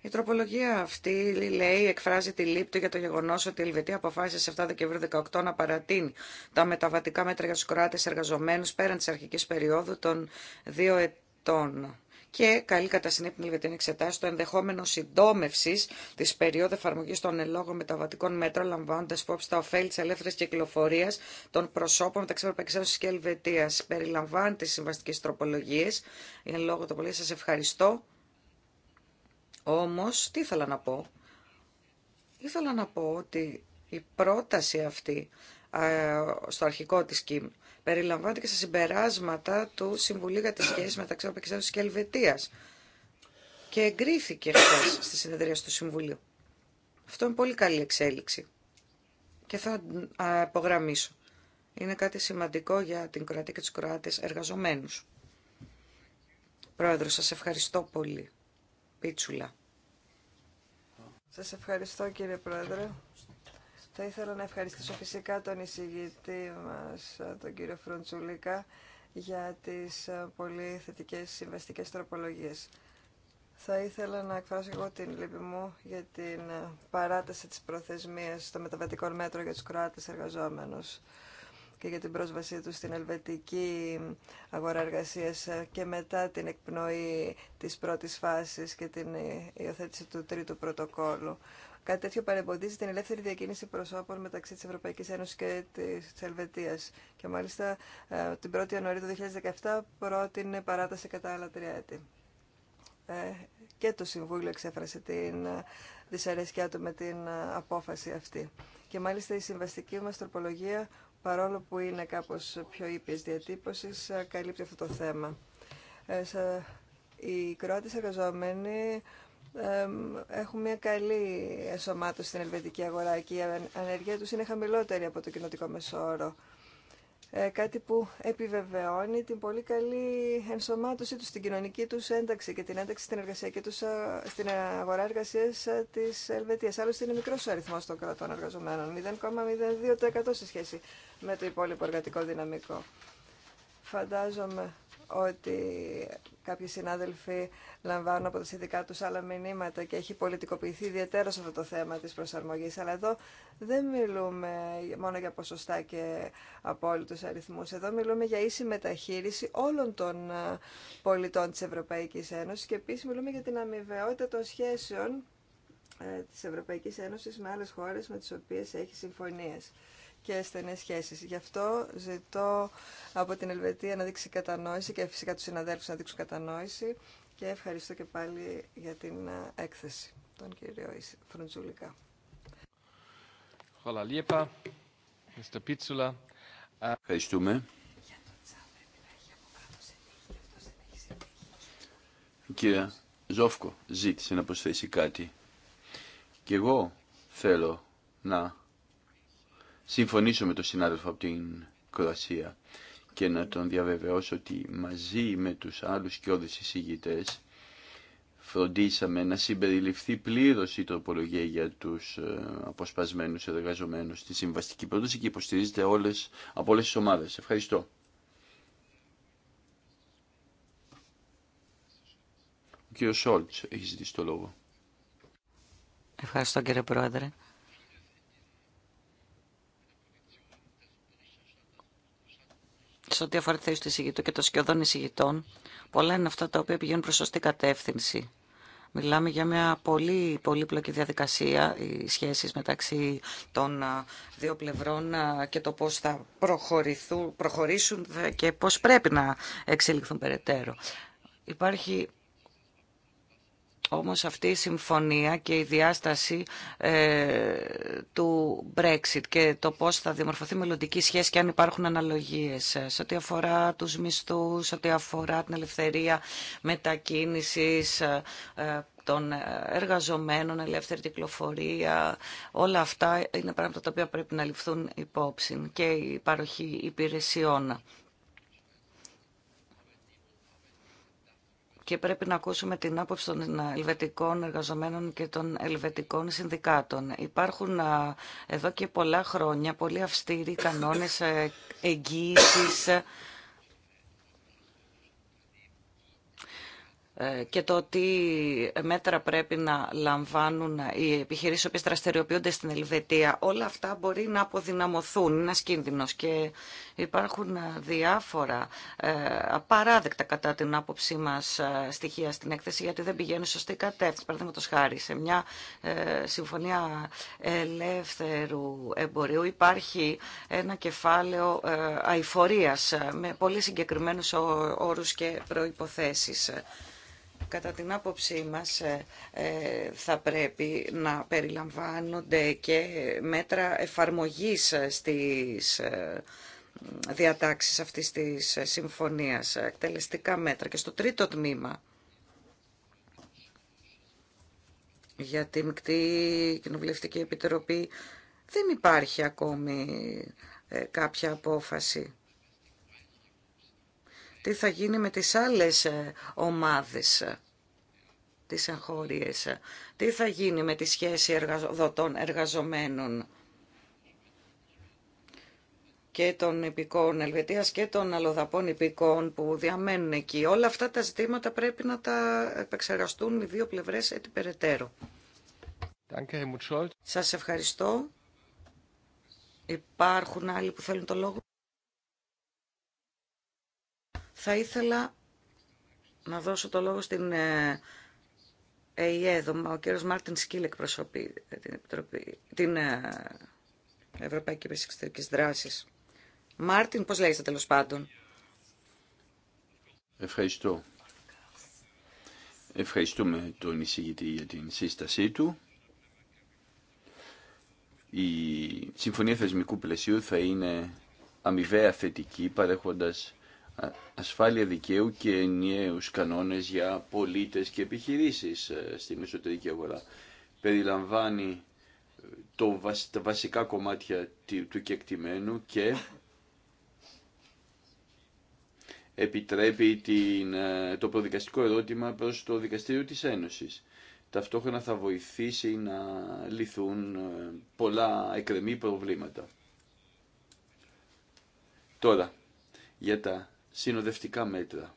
Η τροπολογία αυτή λέει, εκφράζει τη λύπτη για το γεγονό ότι η Ελβετία αποφάσισε σε 7 Δεκεμβρίου 2018 να παρατείνει τα μεταβατικά μέτρα για του Κροάτε εργαζομένου πέραν τη αρχική περίοδου των δύο ετών. Και καλή κατά συνέπεια την Ελβετία να εξετάσει το ενδεχόμενο συντόμευση τη περίοδου εφαρμογή των ελόγων μεταβατικών μέτρων, λαμβάνοντα υπόψη τα ωφέλη τη ελεύθερη κυκλοφορία των προσώπων μεταξύ Ευρωπαϊκή Ένωση και Ελβετία. Περιλαμβάνει τι συμβαστικέ τροπολογίε. λόγω το Σα ευχαριστώ. Όμως, τι ήθελα να πω. Ήθελα να πω ότι η πρόταση αυτή στο αρχικό της ΚΙΜ περιλαμβάνεται και στα συμπεράσματα του Συμβουλίου για τις σχέσεις μεταξύ Ευρωπαϊκής και Ελβετίας και εγκρίθηκε χθε στη συνεδρία του Συμβουλίου. Αυτό είναι πολύ καλή εξέλιξη και θα υπογραμμίσω. Είναι κάτι σημαντικό για την Κροατία και τους Κροάτες εργαζομένους. Πρόεδρο, σας ευχαριστώ πολύ. Πίτσουλα. Σας ευχαριστώ κύριε Πρόεδρε. Θα ήθελα να ευχαριστήσω φυσικά τον εισηγητή μας, τον κύριο Φρουντσουλίκα, για τις ε, πολύ θετικές συμβαστικές τροπολογίες. Θα ήθελα να εκφράσω εγώ την λύπη μου για την ε, παράταση της προθεσμίας των μεταβατικών μέτρων για τους Κροάτες εργαζόμενους και για την πρόσβασή του στην ελβετική αγορά εργασίας και μετά την εκπνοή της πρώτης φάσης και την υιοθέτηση του τρίτου πρωτοκόλου. Κάτι τέτοιο παρεμποδίζει την ελεύθερη διακίνηση προσώπων μεταξύ της Ευρωπαϊκής Ένωσης και της Ελβετίας. Και μάλιστα ε, την 1η Ιανουαρίου του 2017 πρότεινε παράταση κατά άλλα τρία έτη. Ε, και το Συμβούλιο εξέφρασε την ε, δυσαρέσκειά του με την απόφαση αυτή. Και μάλιστα η συμβαστική μας τροπολογία παρόλο που είναι κάπως πιο ήπιες διατύπωσης, ε, καλύπτει αυτό το θέμα. Ε, οι Κροάτες εργαζόμενοι έχουν μια καλή ενσωμάτωση στην ελβετική αγορά και η ανεργία τους είναι χαμηλότερη από το κοινοτικό μεσόωρο. Ε, κάτι που επιβεβαιώνει την πολύ καλή ενσωμάτωση τους στην κοινωνική τους ένταξη και την ένταξη στην, εργασιακή τους, στην αγορά εργασίας της Ελβετίας. Άλλωστε είναι μικρός ο αριθμός των κρατών εργαζομένων, 0,02% σε σχέση με το υπόλοιπο εργατικό δυναμικό. Φαντάζομαι ότι κάποιοι συνάδελφοι λαμβάνουν από τα συνδικά τους άλλα μηνύματα και έχει πολιτικοποιηθεί ιδιαίτερα σε αυτό το θέμα της προσαρμογής. Αλλά εδώ δεν μιλούμε μόνο για ποσοστά και απόλυτους αριθμούς. Εδώ μιλούμε για ίση μεταχείριση όλων των ε, πολιτών της Ευρωπαϊκής Ένωσης και επίσης μιλούμε για την αμοιβαιότητα των σχέσεων ε, της Ευρωπαϊκής Ένωσης με άλλες χώρες με τις οποίες έχει συμφωνίες και στενέ σχέσει Γι' αυτό ζητώ από την Ελβετία να δείξει κατανόηση και φυσικά τους συναδέλφου να δείξουν κατανόηση και ευχαριστώ και πάλι για την ε, έκθεση τον κύριο Φρουντζουλικά. Ε, Ευχαριστούμε. Κύριε Ζόφκο ζήτησε να προσθέσει κάτι. Και εγώ θέλω να συμφωνήσω με τον συνάδελφο από την Κροασία και να τον διαβεβαιώσω ότι μαζί με τους άλλους και όλους εισηγητές φροντίσαμε να συμπεριληφθεί πλήρως η τροπολογία για τους ε, αποσπασμένους εργαζομένους στη συμβαστική πρόταση και υποστηρίζεται όλες, από όλες τις ομάδες. Ευχαριστώ. Ο κύριος Σόλτς έχει ζητήσει το λόγο. Ευχαριστώ κύριε Πρόεδρε. σε ό,τι αφορά τη θέση του εισηγητού και των σκιωδών εισηγητών, πολλά είναι αυτά τα οποία πηγαίνουν προ σωστή κατεύθυνση. Μιλάμε για μια πολύ πολύπλοκη διαδικασία, οι σχέσεις μεταξύ των δύο πλευρών και το πώς θα προχωρήσουν και πώς πρέπει να εξελιχθούν περαιτέρω. Υπάρχει όμως αυτή η συμφωνία και η διάσταση ε, του Brexit και το πώς θα διαμορφωθεί μελλοντική σχέση και αν υπάρχουν αναλογίες σε ό,τι αφορά τους μισθούς, σε ό,τι αφορά την ελευθερία μετακίνησης, ε, ε, των εργαζομένων, ελεύθερη κυκλοφορία, όλα αυτά είναι πράγματα τα οποία πρέπει να ληφθούν υπόψη και η παροχή υπηρεσιών και πρέπει να ακούσουμε την άποψη των ε, ελβετικών εργαζομένων και των ελβετικών συνδικάτων. Υπάρχουν εδώ και πολλά χρόνια πολύ αυστηροί κανόνες ε, εγγύησης και το τι μέτρα πρέπει να λαμβάνουν οι επιχειρήσει που δραστηριοποιούνται στην Ελβετία. Όλα αυτά μπορεί να αποδυναμωθούν, είναι ένα κίνδυνο. και υπάρχουν διάφορα ε, απαράδεκτα κατά την άποψή μα ε, στοιχεία στην έκθεση γιατί δεν πηγαίνουν σωστή κατεύθυνση. Παραδείγματο χάρη σε μια ε, συμφωνία ελεύθερου εμπορίου υπάρχει ένα κεφάλαιο αηφορία με πολύ συγκεκριμένου όρους και προϋποθέσεις κατά την άποψή μας ε, ε, θα πρέπει να περιλαμβάνονται και μέτρα εφαρμογής στις ε, διατάξεις αυτής της συμφωνίας, εκτελεστικά μέτρα. Και στο τρίτο τμήμα για τη Μικτή Κοινοβουλευτική Επιτροπή δεν υπάρχει ακόμη κάποια απόφαση τι θα γίνει με τις άλλες ε, ομάδες, ε, τις εγχώριες, ε. τι θα γίνει με τη σχέση εργαζοδοτών εργαζομένων και των υπηκών Ελβετίας και των αλλοδαπών υπηκών που διαμένουν εκεί. Όλα αυτά τα ζητήματα πρέπει να τα επεξεργαστούν οι δύο πλευρές έτσι περαιτέρω. Σας ευχαριστώ. Υπάρχουν άλλοι που θέλουν το λόγο. Θα ήθελα να δώσω το λόγο στην ε, ΕΙΕΔ. Ο κύριος Μάρτιν Σκύλ εκπροσωπεί την, Επιτροπή, ε, Ευρωπαϊκή Υπηρεσία Εξωτερικής Δράσης. Μάρτιν, πώς λέγεσαι τέλος πάντων. Ευχαριστώ. Ευχαριστούμε τον εισηγητή για την σύστασή του. Η Συμφωνία Θεσμικού Πλαισίου θα είναι αμοιβαία θετική παρέχοντας ασφάλεια δικαίου και ενιαίους κανόνες για πολίτες και επιχειρήσεις ε, στην εσωτερική αγορά. Περιλαμβάνει ε, το, τα βασικά κομμάτια του κεκτημένου και επιτρέπει την, ε, το προδικαστικό ερώτημα προς το Δικαστήριο της Ένωσης. Ταυτόχρονα θα βοηθήσει να λυθούν πολλά εκρεμή προβλήματα. Τώρα, για τα συνοδευτικά μέτρα.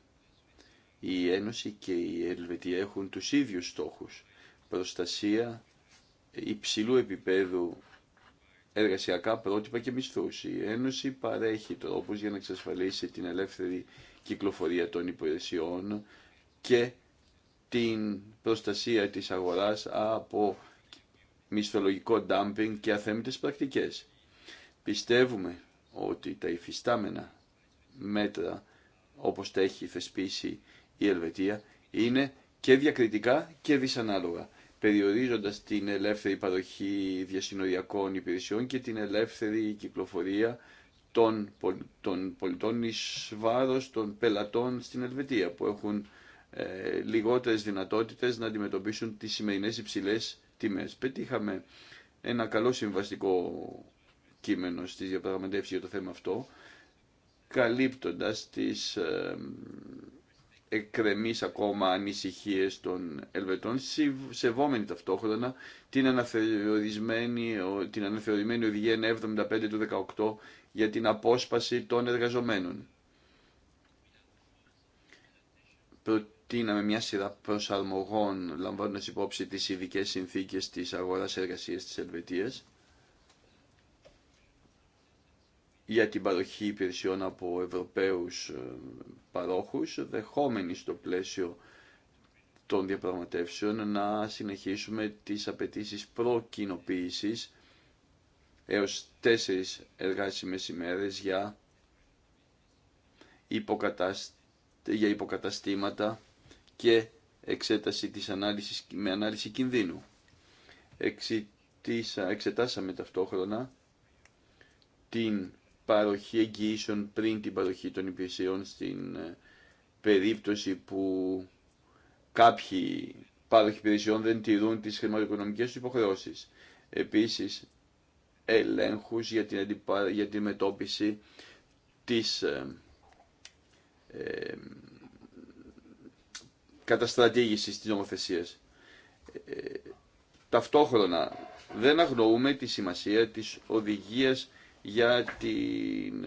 Η Ένωση και η Ελβετία έχουν τους ίδιους στόχους. Προστασία υψηλού επίπεδου εργασιακά πρότυπα και μισθούς. Η Ένωση παρέχει τρόπους για να εξασφαλίσει την ελεύθερη κυκλοφορία των υπηρεσιών και την προστασία της αγοράς από μισθολογικό ντάμπινγκ και αθέμητες πρακτικές. Πιστεύουμε ότι τα υφιστάμενα μέτρα όπως τα έχει θεσπίσει η Ελβετία, είναι και διακριτικά και δυσανάλογα, περιορίζοντας την ελεύθερη παροχή διασυνοριακών υπηρεσιών και την ελεύθερη κυκλοφορία των, των πολιτών εις βάρος των πελατών στην Ελβετία, που έχουν ε, λιγότερες δυνατότητες να αντιμετωπίσουν τις σημερινές υψηλές τιμές. Πετύχαμε ένα καλό συμβαστικό κείμενο στις διαπραγματεύσεις για το θέμα αυτό, καλύπτοντας τις εκκρεμείς ακόμα ανησυχίες των Ελβετών, σεβόμενοι ταυτόχρονα την αναθεωρημένη, την οδηγία 75 του 18 για την απόσπαση των εργαζομένων. Προτείναμε μια σειρά προσαρμογών λαμβάνοντας υπόψη τις ειδικέ συνθήκες της αγοράς εργασίας της Ελβετίας για την παροχή υπηρεσιών από Ευρωπαίους ε, παρόχους, δεχόμενοι στο πλαίσιο των διαπραγματεύσεων να συνεχίσουμε τις απαιτήσει προκοινοποίησης έως τέσσερις εργάσιμες ημέρες για, για υποκαταστήματα και εξέταση της ανάλυσης με ανάλυση κινδύνου. Εξετάσαμε ταυτόχρονα την παροχή εγγυήσεων πριν την παροχή των υπηρεσιών στην ε, περίπτωση που κάποιοι πάροχοι υπηρεσιών δεν τηρούν τις χρηματοοικονομικές του υποχρεώσεις. Επίσης, ελέγχους για την, αντιπα... για την μετώπιση της ε, ε, της ε, ταυτόχρονα, δεν αγνοούμε τη σημασία της οδηγίας για την,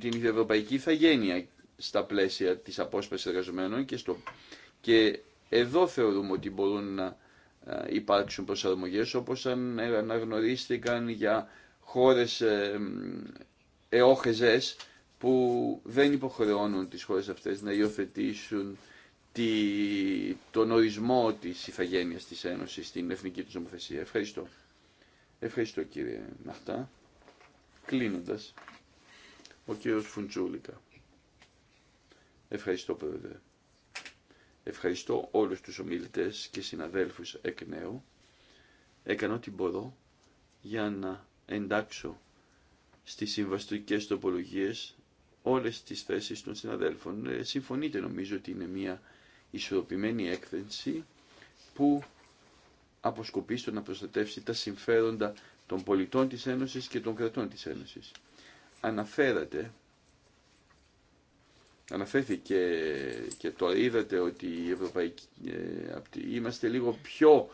την, ευρωπαϊκή ηθαγένεια στα πλαίσια της απόσπασης εργαζομένων και, στο, και εδώ θεωρούμε ότι μπορούν να υπάρξουν προσαρμογές όπως αν ε, αναγνωρίστηκαν για χώρες ε, εόχεζες που δεν υποχρεώνουν τις χώρες αυτές να υιοθετήσουν τη, τον ορισμό της ηθαγένειας της Ένωσης στην εθνική του νομοθεσία. Ευχαριστώ. Ευχαριστώ κύριε Ναχτά. Κλείνοντας, ο κύριος Φουντζούλικα. Ευχαριστώ πρόεδρε. Ευχαριστώ όλους τους ομιλητές και συναδέλφους εκ νέου. Έκανα ό,τι μπορώ για να εντάξω στις συμβαστικές τοπολογίες όλες τις θέσεις των συναδέλφων. Ε, συμφωνείτε νομίζω ότι είναι μια ισορροπημένη έκθεση που αποσκοπεί στο να προστατεύσει τα συμφέροντα των πολιτών της Ένωσης και των κρατών της Ένωσης. Αναφέρατε, αναφέρθηκε και το είδατε ότι η Ευρωπαϊκή, ε, είμαστε λίγο πιο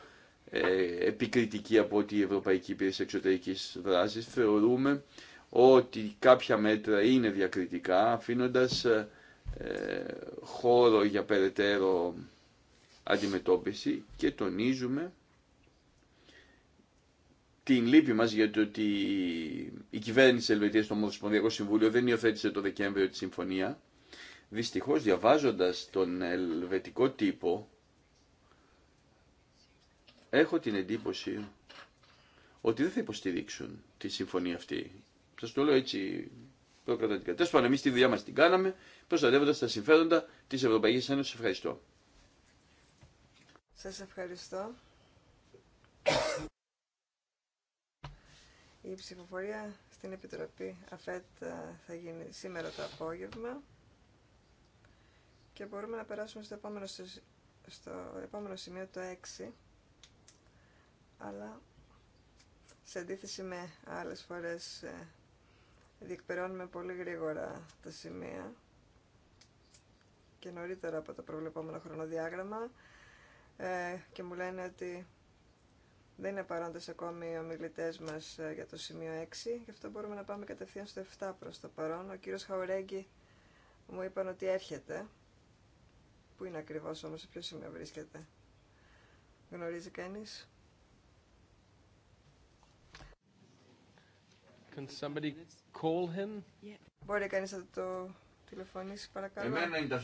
ε, επικριτικοί από ότι η Ευρωπαϊκή Υπηρεσία Εξωτερικής Δράσης. Θεωρούμε ότι κάποια μέτρα είναι διακριτικά, αφήνοντας ε, χώρο για περαιτέρω αντιμετώπιση και τονίζουμε την λύπη μας για το ότι η κυβέρνηση της στο Ομοσπονδιακό Συμβούλιο δεν υιοθέτησε το Δεκέμβριο τη συμφωνία. Δυστυχώ, διαβάζοντα τον ελβετικό τύπο έχω την εντύπωση ότι δεν θα υποστηρίξουν τη συμφωνία αυτή. Σα το λέω έτσι προκατατικά. Τέλο πάντων, εμεί τη δουλειά μα την κάναμε προστατεύοντα τα συμφέροντα τη Ευρωπαϊκή Ένωση. Ευχαριστώ. Σα ευχαριστώ. Η ψηφοφορία στην Επιτροπή ΑΦΕΤ ε, θα γίνει σήμερα το απόγευμα και μπορούμε να περάσουμε στο επόμενο, στο επόμενο σημείο το 6 αλλά σε αντίθεση με άλλες φορές ε, διεκπαιρώνουμε πολύ γρήγορα τα σημεία και νωρίτερα από το προβλεπόμενο χρονοδιάγραμμα ε, και μου λένε ότι δεν είναι παρόντες ακόμη οι ομιλητές μας ε, για το σημείο 6, γι' αυτό μπορούμε να πάμε κατευθείαν στο 7 προς το παρόν. Ο κύριος Χαουρέγγι μου είπαν ότι έρχεται. Πού είναι ακριβώς όμως, σε ποιο σημείο βρίσκεται. Γνωρίζει κανείς. Can somebody call him? Μπορεί κανείς να το τηλεφωνήσει παρακαλώ. Εμένα είναι τα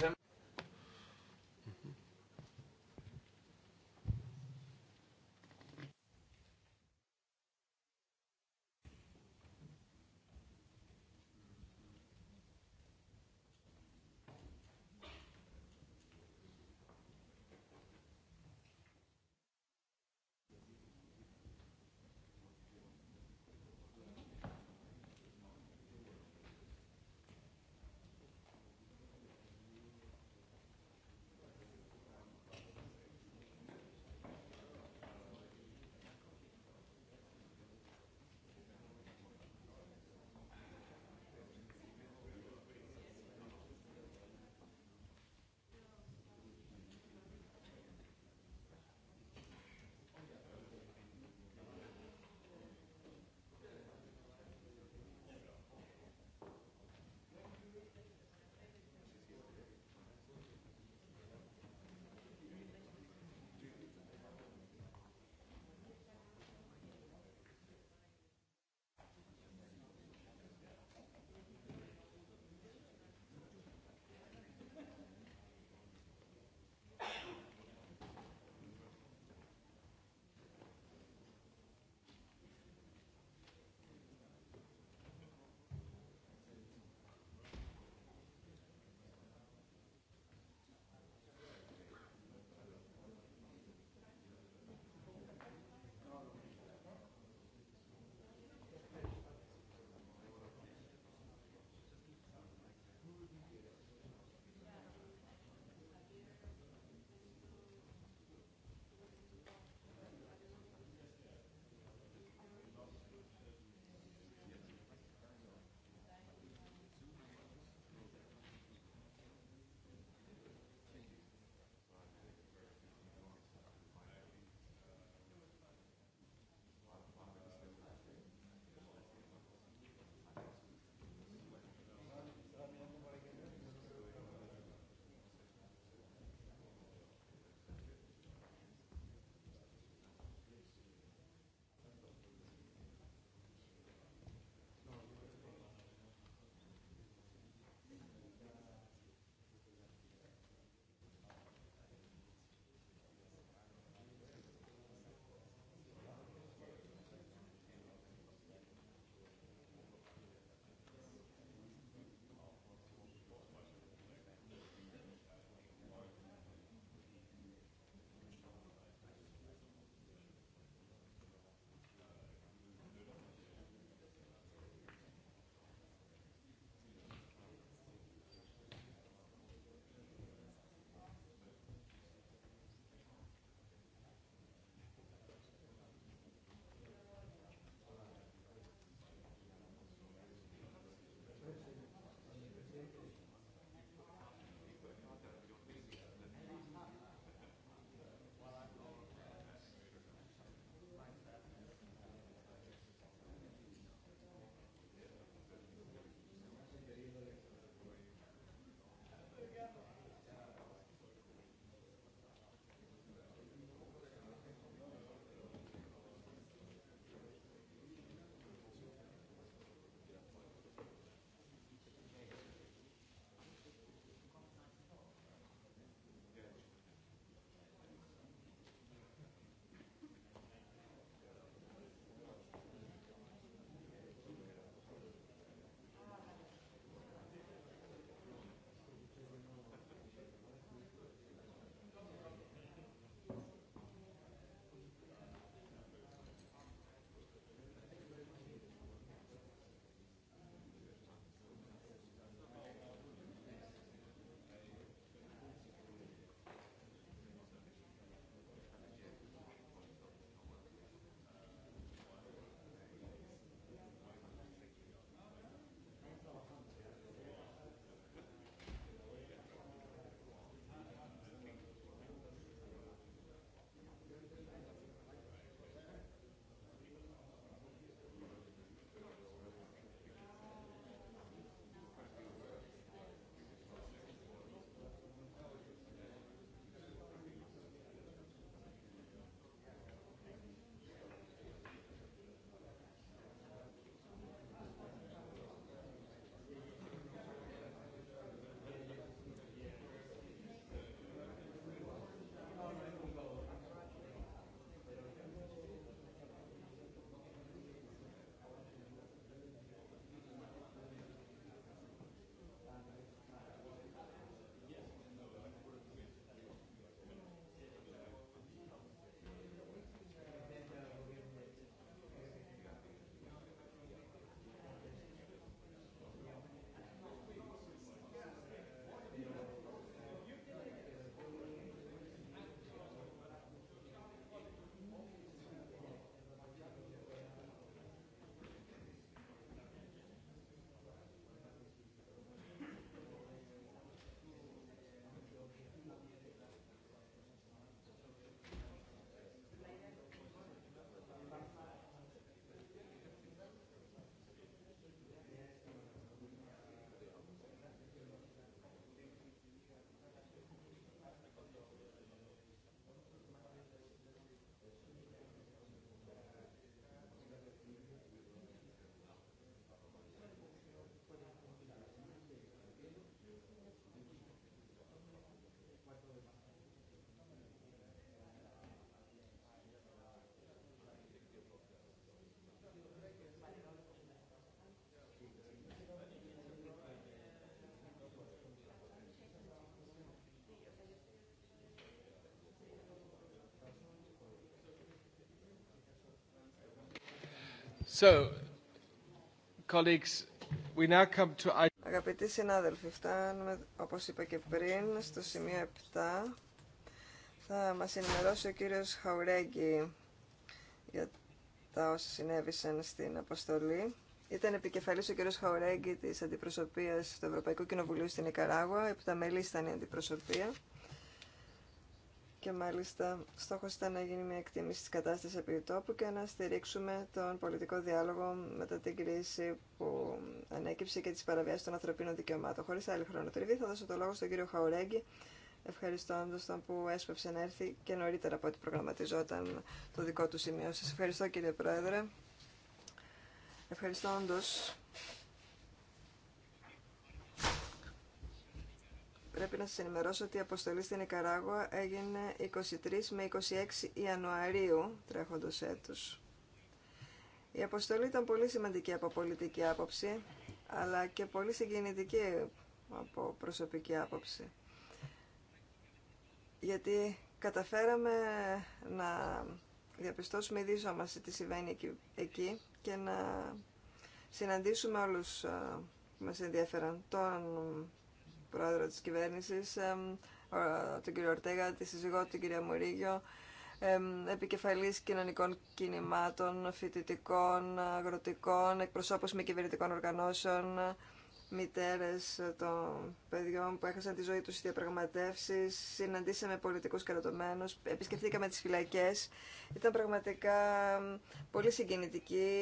Αγαπητοί συνάδελφοι, φτάνουμε, όπως είπα και πριν, στο σημείο 7. Θα μας ενημερώσει ο κύριος Χαουρέγγι για τα όσα συνέβησαν στην αποστολή. Ήταν επικεφαλής ο κύριος Χαουρέγγι της αντιπροσωπείας του Ευρωπαϊκού Κοινοβουλίου στην Ικαράγουα. Επτά μέλη ήταν η αντιπροσωπεία και μάλιστα στόχος ήταν να γίνει μια εκτίμηση της κατάστασης επί τόπου και να στηρίξουμε τον πολιτικό διάλογο μετά την κρίση που ανέκυψε και τις παραβιάσεις των ανθρωπίνων δικαιωμάτων. Χωρίς άλλη χρονοτριβή θα δώσω το λόγο στον κύριο Χαουρέγγι, ευχαριστώντας τον που έσπευσε να έρθει και νωρίτερα από ό,τι προγραμματιζόταν το δικό του σημείο. Σας ευχαριστώ κύριε Πρόεδρε. Ευχαριστώ όντως πρέπει να σας ενημερώσω ότι η αποστολή στην Ικαράγουα έγινε 23 με 26 Ιανουαρίου τρέχοντος έτους. Η αποστολή ήταν πολύ σημαντική από πολιτική άποψη, αλλά και πολύ συγκινητική από προσωπική άποψη. Γιατί καταφέραμε να διαπιστώσουμε η μας τι συμβαίνει εκεί και να συναντήσουμε όλους ε, που μας ενδιαφέραν, τον πρόεδρο της κυβέρνησης, τον κύριο Ορτέγα, τη σύζυγό την κυρία Μουρίγιο, επικεφαλής κοινωνικών κινημάτων, φοιτητικών, αγροτικών, εκπροσώπους με κυβερνητικών οργανώσεων, μητέρες των παιδιών που έχασαν τη ζωή τους στις διαπραγματεύσεις, συναντήσαμε πολιτικούς κρατωμένους, επισκεφθήκαμε τις φυλακές. Ήταν πραγματικά πολύ συγκινητική,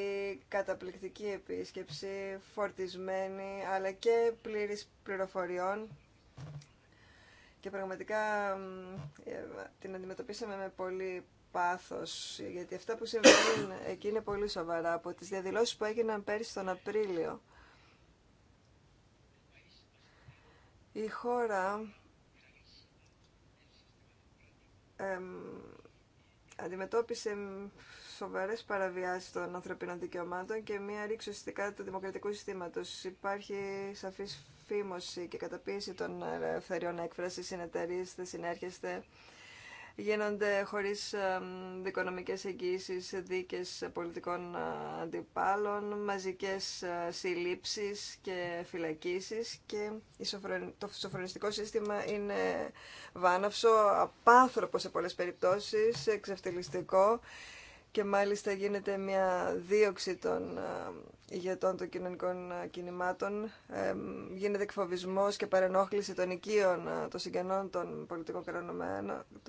καταπληκτική επίσκεψη, φορτισμένη, αλλά και πλήρης πληροφοριών. Και πραγματικά ε, την αντιμετωπίσαμε με πολύ πάθος, γιατί αυτά που συμβαίνουν εκεί είναι πολύ σοβαρά. Από τις διαδηλώσεις που έγιναν πέρυσι τον Απρίλιο, η χώρα αντιμετώπισε σοβαρές παραβιάσεις των ανθρωπίνων δικαιωμάτων και μία ρήξη ουσιαστικά του δημοκρατικού συστήματος. Υπάρχει σαφής φήμωση και καταπίεση των ελευθεριών έκφρασης, συνεταιρείστε, συνέρχεστε γίνονται χωρίς δικονομικές εγγύησεις, δίκες πολιτικών ε, αντιπάλων, μαζικές ε, συλλήψεις και φυλακίσεις και το σοφρονιστικό σύστημα είναι βάναυσο, απάνθρωπο σε πολλές περιπτώσεις, εξευτελιστικό και μάλιστα γίνεται μια δίωξη των ε, ηγετών των κοινωνικών ε, κινημάτων. Ε, γίνεται εκφοβισμός και παρενόχληση των οικείων, των συγγενών των πολιτικών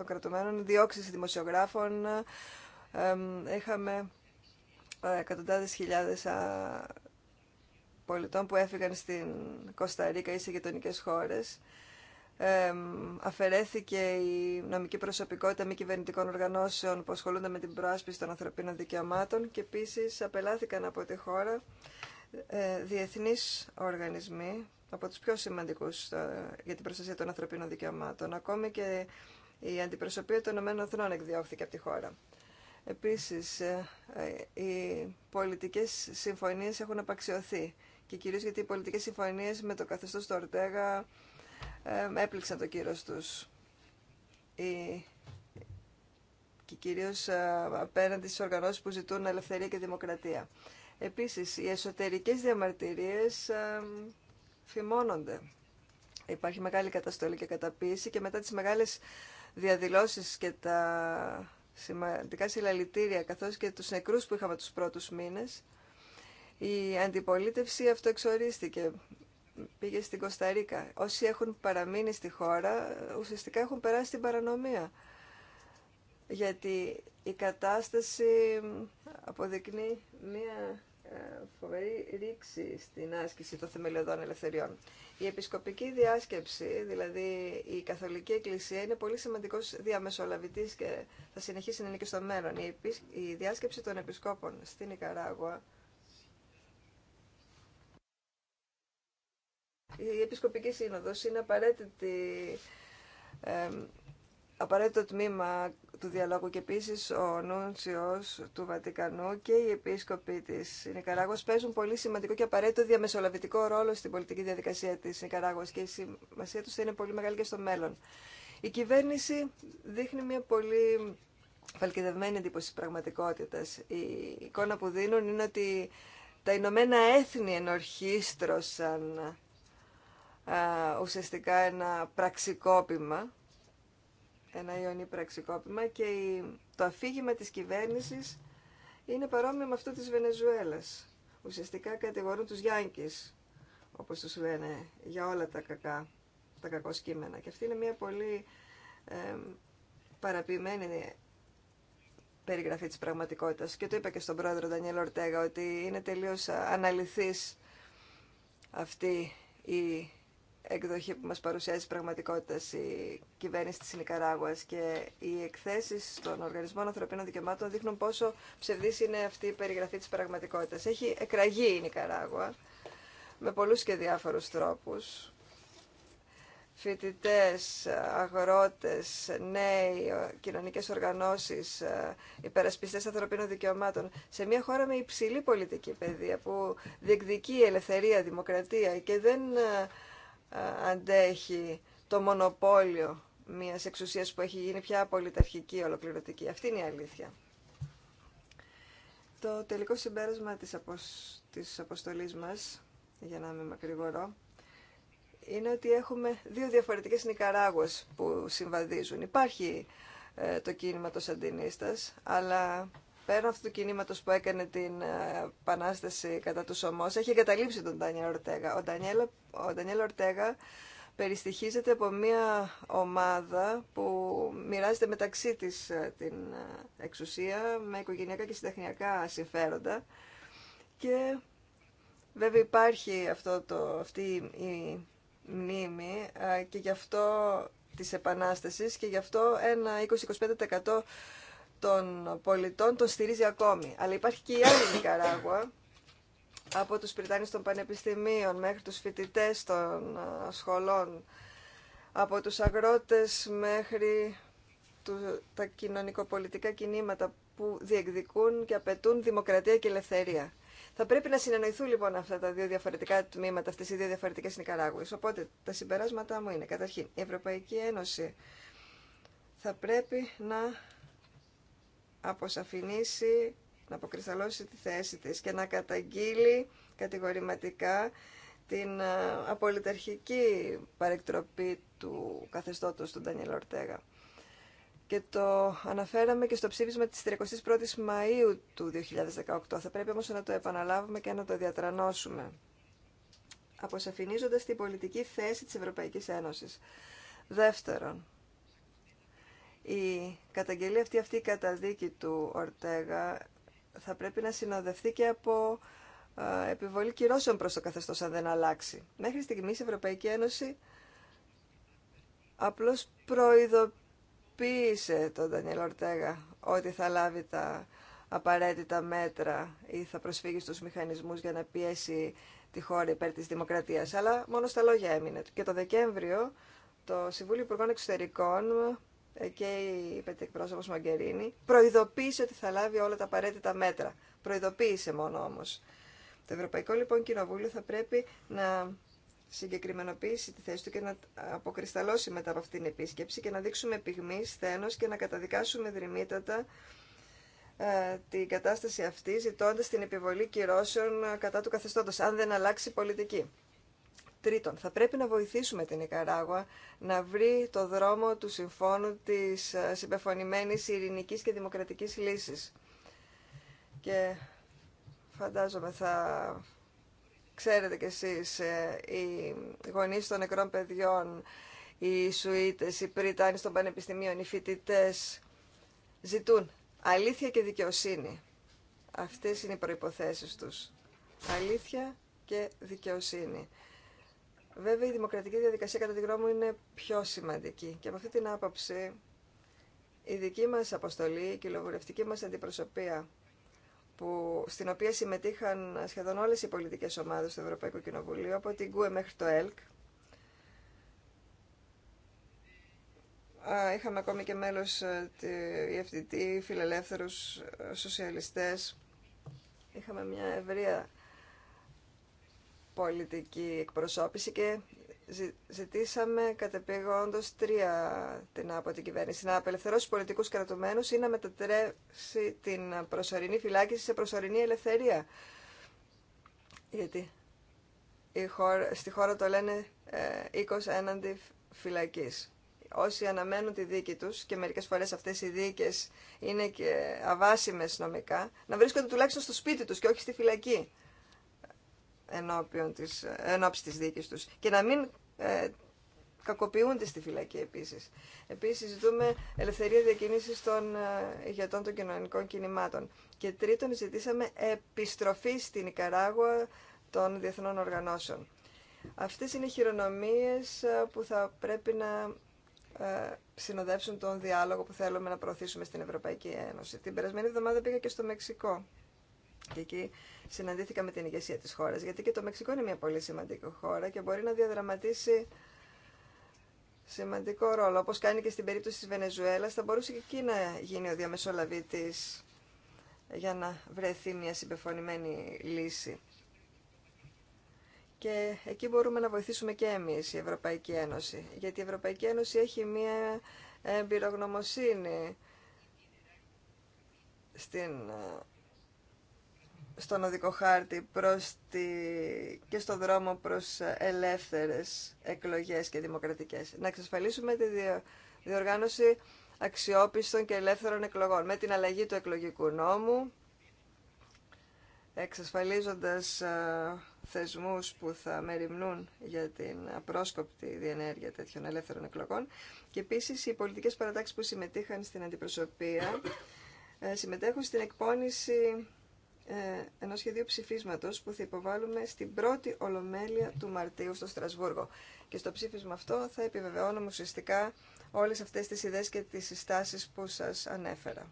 κρατουμένων, των διώξεις δημοσιογράφων. είχαμε εκατοντάδες χιλιάδες πολιτών που έφυγαν στην Κωνσταντίνα ή σε γειτονικέ χώρες αφαιρέθηκε η νομική προσωπικότητα μη κυβερνητικών οργανώσεων που ασχολούνται με την προάσπιση των ανθρωπίνων δικαιωμάτων και επίσης απελάθηκαν από τη χώρα ε, διεθνείς οργανισμοί από τους πιο σημαντικούς ε, για την προστασία των ανθρωπίνων δικαιωμάτων. Ακόμη και η αντιπροσωπεία των ΗΠΑ εκδιώχθηκε από τη χώρα. Επίσης, ε, οι πολιτικές συμφωνίες έχουν απαξιωθεί και κυρίως γιατί οι πολιτικές συμφωνίες με το καθεστώς του Ορτέγα έπληξαν το κύρος τους. Οι... Και κυρίως ε, απέναντι στις οργανώσεις που ζητούν ελευθερία και δημοκρατία. Επίσης, οι εσωτερικές διαμαρτυρίες φημώνονται. Υπάρχει μεγάλη καταστολή και καταποίηση και μετά τις μεγάλες διαδηλώσεις και τα σημαντικά συλλαλητήρια καθώς και τους νεκρούς που είχαμε τους πρώτους μήνες η αντιπολίτευση αυτοεξορίστηκε πήγε στην Κωνσταντίνα. Όσοι έχουν παραμείνει στη χώρα ε, ουσιαστικά έχουν περάσει την παρανομία. Γιατί η κατάσταση αποδεικνύει μία ε, φοβερή ρήξη στην άσκηση των θεμελιωδών ελευθεριών. Η επισκοπική διάσκεψη, δηλαδή η Καθολική Εκκλησία, είναι πολύ σημαντικό διαμεσολαβητή και θα συνεχίσει να είναι και στο μέλλον. Η διάσκεψη των επισκόπων στην Ικαράγουα Η Επισκοπική Σύνοδος είναι απαραίτητη, ε, απαραίτητο τμήμα του διαλόγου και επίση ο νούνσιος του Βατικανού και οι επίσκοποι της Νικαράγουας παίζουν πολύ σημαντικό και απαραίτητο διαμεσολαβητικό ρόλο στην πολιτική διαδικασία της Νικαράγουας και η σημασία τους θα είναι πολύ μεγάλη και στο μέλλον. Η κυβέρνηση δείχνει μια πολύ φαλκιδευμένη εντύπωση πραγματικότητας. Η εικόνα που δίνουν είναι ότι τα Ηνωμένα Έθνη ενορχίστρωσαν ουσιαστικά ένα πραξικόπημα, ένα ιονί πραξικόπημα και το αφήγημα της κυβέρνησης είναι παρόμοιο με αυτό της Βενεζουέλας. Ουσιαστικά κατηγορούν τους Γιάνκης, όπως τους λένε, για όλα τα κακά, τα κακοσκήμενα Και αυτή είναι μια πολύ ε, παραποιημένη περιγραφή της πραγματικότητας. Και το είπα και στον πρόεδρο Ντανιέλ Ορτέγα, ότι είναι τελείως αναλυθής αυτή η εκδοχή που μας παρουσιάζει πραγματικότητα η κυβέρνηση της Νικαράγουας και οι εκθέσεις των Οργανισμών Ανθρωπίνων Δικαιωμάτων δείχνουν πόσο ψευδής είναι αυτή η περιγραφή της πραγματικότητας. Έχει εκραγεί η Νικαράγουα με πολλούς και διάφορους τρόπους. Φοιτητέ, αγρότες, νέοι, κοινωνικές οργανώσεις, υπερασπιστές ανθρωπίνων δικαιωμάτων. Σε μια χώρα με υψηλή πολιτική παιδεία που διεκδικεί ελευθερία, δημοκρατία και δεν αντέχει το μονοπόλιο μιας εξουσίας που έχει γίνει πια απολυταρχική ολοκληρωτική. Αυτή είναι η αλήθεια. Το τελικό συμπέρασμα της, αποστολή της αποστολής μας, για να με μακρηγορό, είναι ότι έχουμε δύο διαφορετικές Νικαράγουες που συμβαδίζουν. Υπάρχει ε, το κίνημα των Σαντινίστας, αλλά πέραν αυτού του κινήματος που έκανε την ε, επανάσταση κατά του Σωμός, έχει εγκαταλείψει τον Ντανιέλ Ορτέγα. Ο Ντανιέλ, ο Ντανιέλ Ορτέγα περιστοιχίζεται από μια ομάδα που μοιράζεται μεταξύ της ε, την ε, εξουσία με οικογενειακά και συντεχνιακά συμφέροντα και βέβαια υπάρχει αυτό το, αυτή η μνήμη και γι' αυτό της Επανάστασης και γι' αυτό ένα 20-25% των πολιτών τον στηρίζει ακόμη. Αλλά υπάρχει και η άλλη Νικαράγουα, από τους Πριτάνιους των Πανεπιστημίων μέχρι τους φοιτητές των ε, σχολών, από τους αγρότες μέχρι τα κοινωνικοπολιτικά κινήματα που διεκδικούν και απαιτούν δημοκρατία και ελευθερία. Θα πρέπει να συνεννοηθούν λοιπόν αυτά τα δύο διαφορετικά τμήματα, αυτέ οι δύο διαφορετικέ Νικαράγουε. Οπότε τα συμπεράσματά μου είναι, καταρχήν, η Ευρωπαϊκή Ένωση θα πρέπει να αποσαφηνίσει, να αποκρυσταλώσει τη θέση της και να καταγγείλει κατηγορηματικά την ε, απολυταρχική παρεκτροπή του καθεστώτος του Ντανιέλ Ορτέγα. Και το αναφέραμε και στο ψήφισμα της 31ης Μαΐου του 2018. Θα πρέπει όμως να το επαναλάβουμε και να το διατρανώσουμε. Αποσαφηνίζοντας την πολιτική θέση της Ευρωπαϊκής Ένωσης. Δεύτερον, η καταγγελία αυτή, αυτή η καταδίκη του Ορτέγα θα πρέπει να συνοδευτεί και από επιβολή κυρώσεων προς το καθεστώς αν δεν αλλάξει. Μέχρι στιγμής η Ευρωπαϊκή Ένωση απλώς προειδοποίησε τον Ντανιέλ Ορτέγα ότι θα λάβει τα απαραίτητα μέτρα ή θα προσφύγει στους μηχανισμούς για να πιέσει τη χώρα υπέρ της δημοκρατίας. Αλλά μόνο στα λόγια έμεινε. Και το Δεκέμβριο το Συμβούλιο Υπουργών Εξωτερικών ε, και η εκπρόσωπος Μαγκερίνη προειδοποίησε ότι θα λάβει όλα τα απαραίτητα μέτρα. Προειδοποίησε μόνο όμως. Το Ευρωπαϊκό λοιπόν Κοινοβούλιο θα πρέπει να συγκεκριμενοποιήσει τη θέση του και να αποκρισταλώσει μετά από αυτήν την επίσκεψη και να δείξουμε πυγμή, σθένος και να καταδικάσουμε δρυμύτατα ε, την κατάσταση αυτή ζητώντας την επιβολή κυρώσεων ε, κατά του καθεστώτος, αν δεν αλλάξει η πολιτική. Τρίτον, θα πρέπει να βοηθήσουμε την Ικαράγουα να βρει το δρόμο του συμφώνου της ε, συμπεφωνημένης ειρηνικής και δημοκρατικής λύσης. Και φαντάζομαι θα ξέρετε κι εσείς, ε, οι γονείς των νεκρών παιδιών, οι σουίτε, οι Πριτάνοι των Πανεπιστημίων, οι φοιτητέ ζητούν αλήθεια και δικαιοσύνη. Αυτές είναι οι προϋποθέσεις τους. Αλήθεια και δικαιοσύνη. Βέβαια η δημοκρατική διαδικασία κατά τη γνώμη μου είναι πιο σημαντική και από αυτή την άποψη η δική μας αποστολή, η κοινοβουλευτική μας αντιπροσωπεία που, στην οποία συμμετείχαν σχεδόν όλες οι πολιτικές ομάδες του Ευρωπαϊκού Κοινοβουλίου από την ΚΟΕ μέχρι το ΕΛΚ Είχαμε ακόμη και μέλος ε, τη FDT, φιλελεύθερους ε, σοσιαλιστές. Είχαμε μια ευρεία πολιτική εκπροσώπηση και ζητήσαμε κατεπήγοντος τρία την από την κυβέρνηση. Να απελευθερώσει πολιτικούς κρατουμένους ή να μετατρέψει την προσωρινή φυλάκιση σε προσωρινή ελευθερία. Γιατί η χώρα, στη χώρα το λένε ε, οίκος έναντι φυλακής. Όσοι αναμένουν τη δίκη τους και μερικές φορές αυτές οι δίκες είναι και αβάσιμες νομικά, να βρίσκονται τουλάχιστον στο σπίτι τους και όχι στη φυλακή ενώπιον της, ενώπιση της δίκης τους και να μην ε, κακοποιούνται στη φυλακή επίσης. Επίσης ζητούμε ελευθερία διακίνησης των ε, ηγετών των κοινωνικών κινημάτων. Και τρίτον ζητήσαμε επιστροφή στην Ικαράγουα των διεθνών οργανώσεων. Αυτές είναι οι χειρονομίες ε, που θα πρέπει να ε, συνοδεύσουν τον διάλογο που θέλουμε να προωθήσουμε στην Ευρωπαϊκή Ένωση. Την περασμένη εβδομάδα πήγα και στο Μεξικό και εκεί συναντήθηκα με την ηγεσία της χώρας, γιατί και το Μεξικό είναι μια πολύ σημαντική χώρα και μπορεί να διαδραματίσει σημαντικό ρόλο. Όπως κάνει και στην περίπτωση της Βενεζουέλας, θα μπορούσε και εκεί να γίνει ο διαμεσολαβητής για να βρεθεί μια συμπεφωνημένη λύση. Και εκεί μπορούμε να βοηθήσουμε και εμείς, η Ευρωπαϊκή Ένωση. Γιατί η Ευρωπαϊκή Ένωση έχει μια εμπειρογνωμοσύνη στην στον οδικό χάρτη προς τη... και στον δρόμο προς ελεύθερες εκλογές και δημοκρατικές. Να εξασφαλίσουμε τη διοργάνωση αξιόπιστων και ελεύθερων εκλογών με την αλλαγή του εκλογικού νόμου, εξασφαλίζοντας ε, θεσμούς που θα μεριμνούν για την απρόσκοπτη διενέργεια τέτοιων ελεύθερων εκλογών και επίσης οι πολιτικές παρατάξεις που συμμετείχαν στην αντιπροσωπεία ε, συμμετέχουν στην εκπόνηση ε, ενός σχεδίου ψηφίσματος που θα υποβάλουμε στην πρώτη Ολομέλεια του Μαρτίου στο Στρασβούργο. Και στο ψήφισμα αυτό θα επιβεβαιώνουμε ουσιαστικά όλες αυτές τις ιδέες και τις συστάσεις που σας ανέφερα.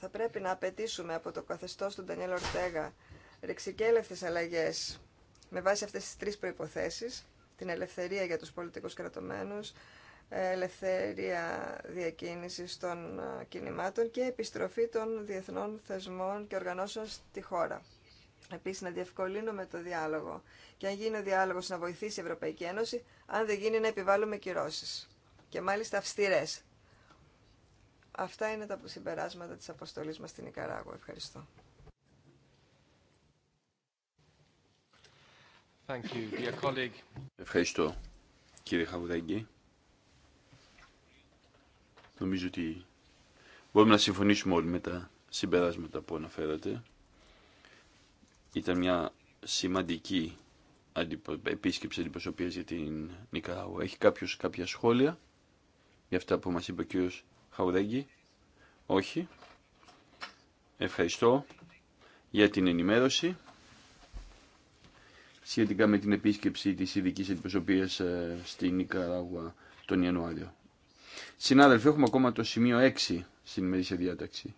Θα πρέπει να απαιτήσουμε από το καθεστώς του Ντανιέλ Ορτέγα ρεξικέλευτες αλλαγές με βάση αυτές τις τρεις προϋποθέσεις, την ελευθερία για τους πολιτικούς κρατομένους, ελευθερία διακίνησης των ε, κινημάτων και επιστροφή των διεθνών θεσμών και οργανώσεων στη χώρα. Επίσης, να διευκολύνουμε το διάλογο και αν γίνει ο διάλογος να βοηθήσει η Ευρωπαϊκή Ένωση, αν δεν γίνει να επιβάλλουμε κυρώσεις και μάλιστα αυστηρές. Αυτά είναι τα συμπεράσματα της αποστολή μα στην Ικαράγου. Ευχαριστώ. Thank you, dear Ευχαριστώ, κύριε Χαβουδέγγι. Νομίζω ότι μπορούμε να συμφωνήσουμε όλοι με τα συμπεράσματα που αναφέρατε. Ήταν μια σημαντική επίσκεψη αντιπροσωπεία για την Νικαράγουα. Έχει κάποιο κάποια σχόλια για αυτά που μα είπε ο κ. Χαουρέγγι. Όχι. Ευχαριστώ για την ενημέρωση σχετικά με την επίσκεψη της ειδικής αντιπροσωπείας ε, στην Νικαράγουα τον Ιανουάριο. Συνάδελφοι, έχουμε ακόμα το σημείο 6 στην ημερήσια διάταξη.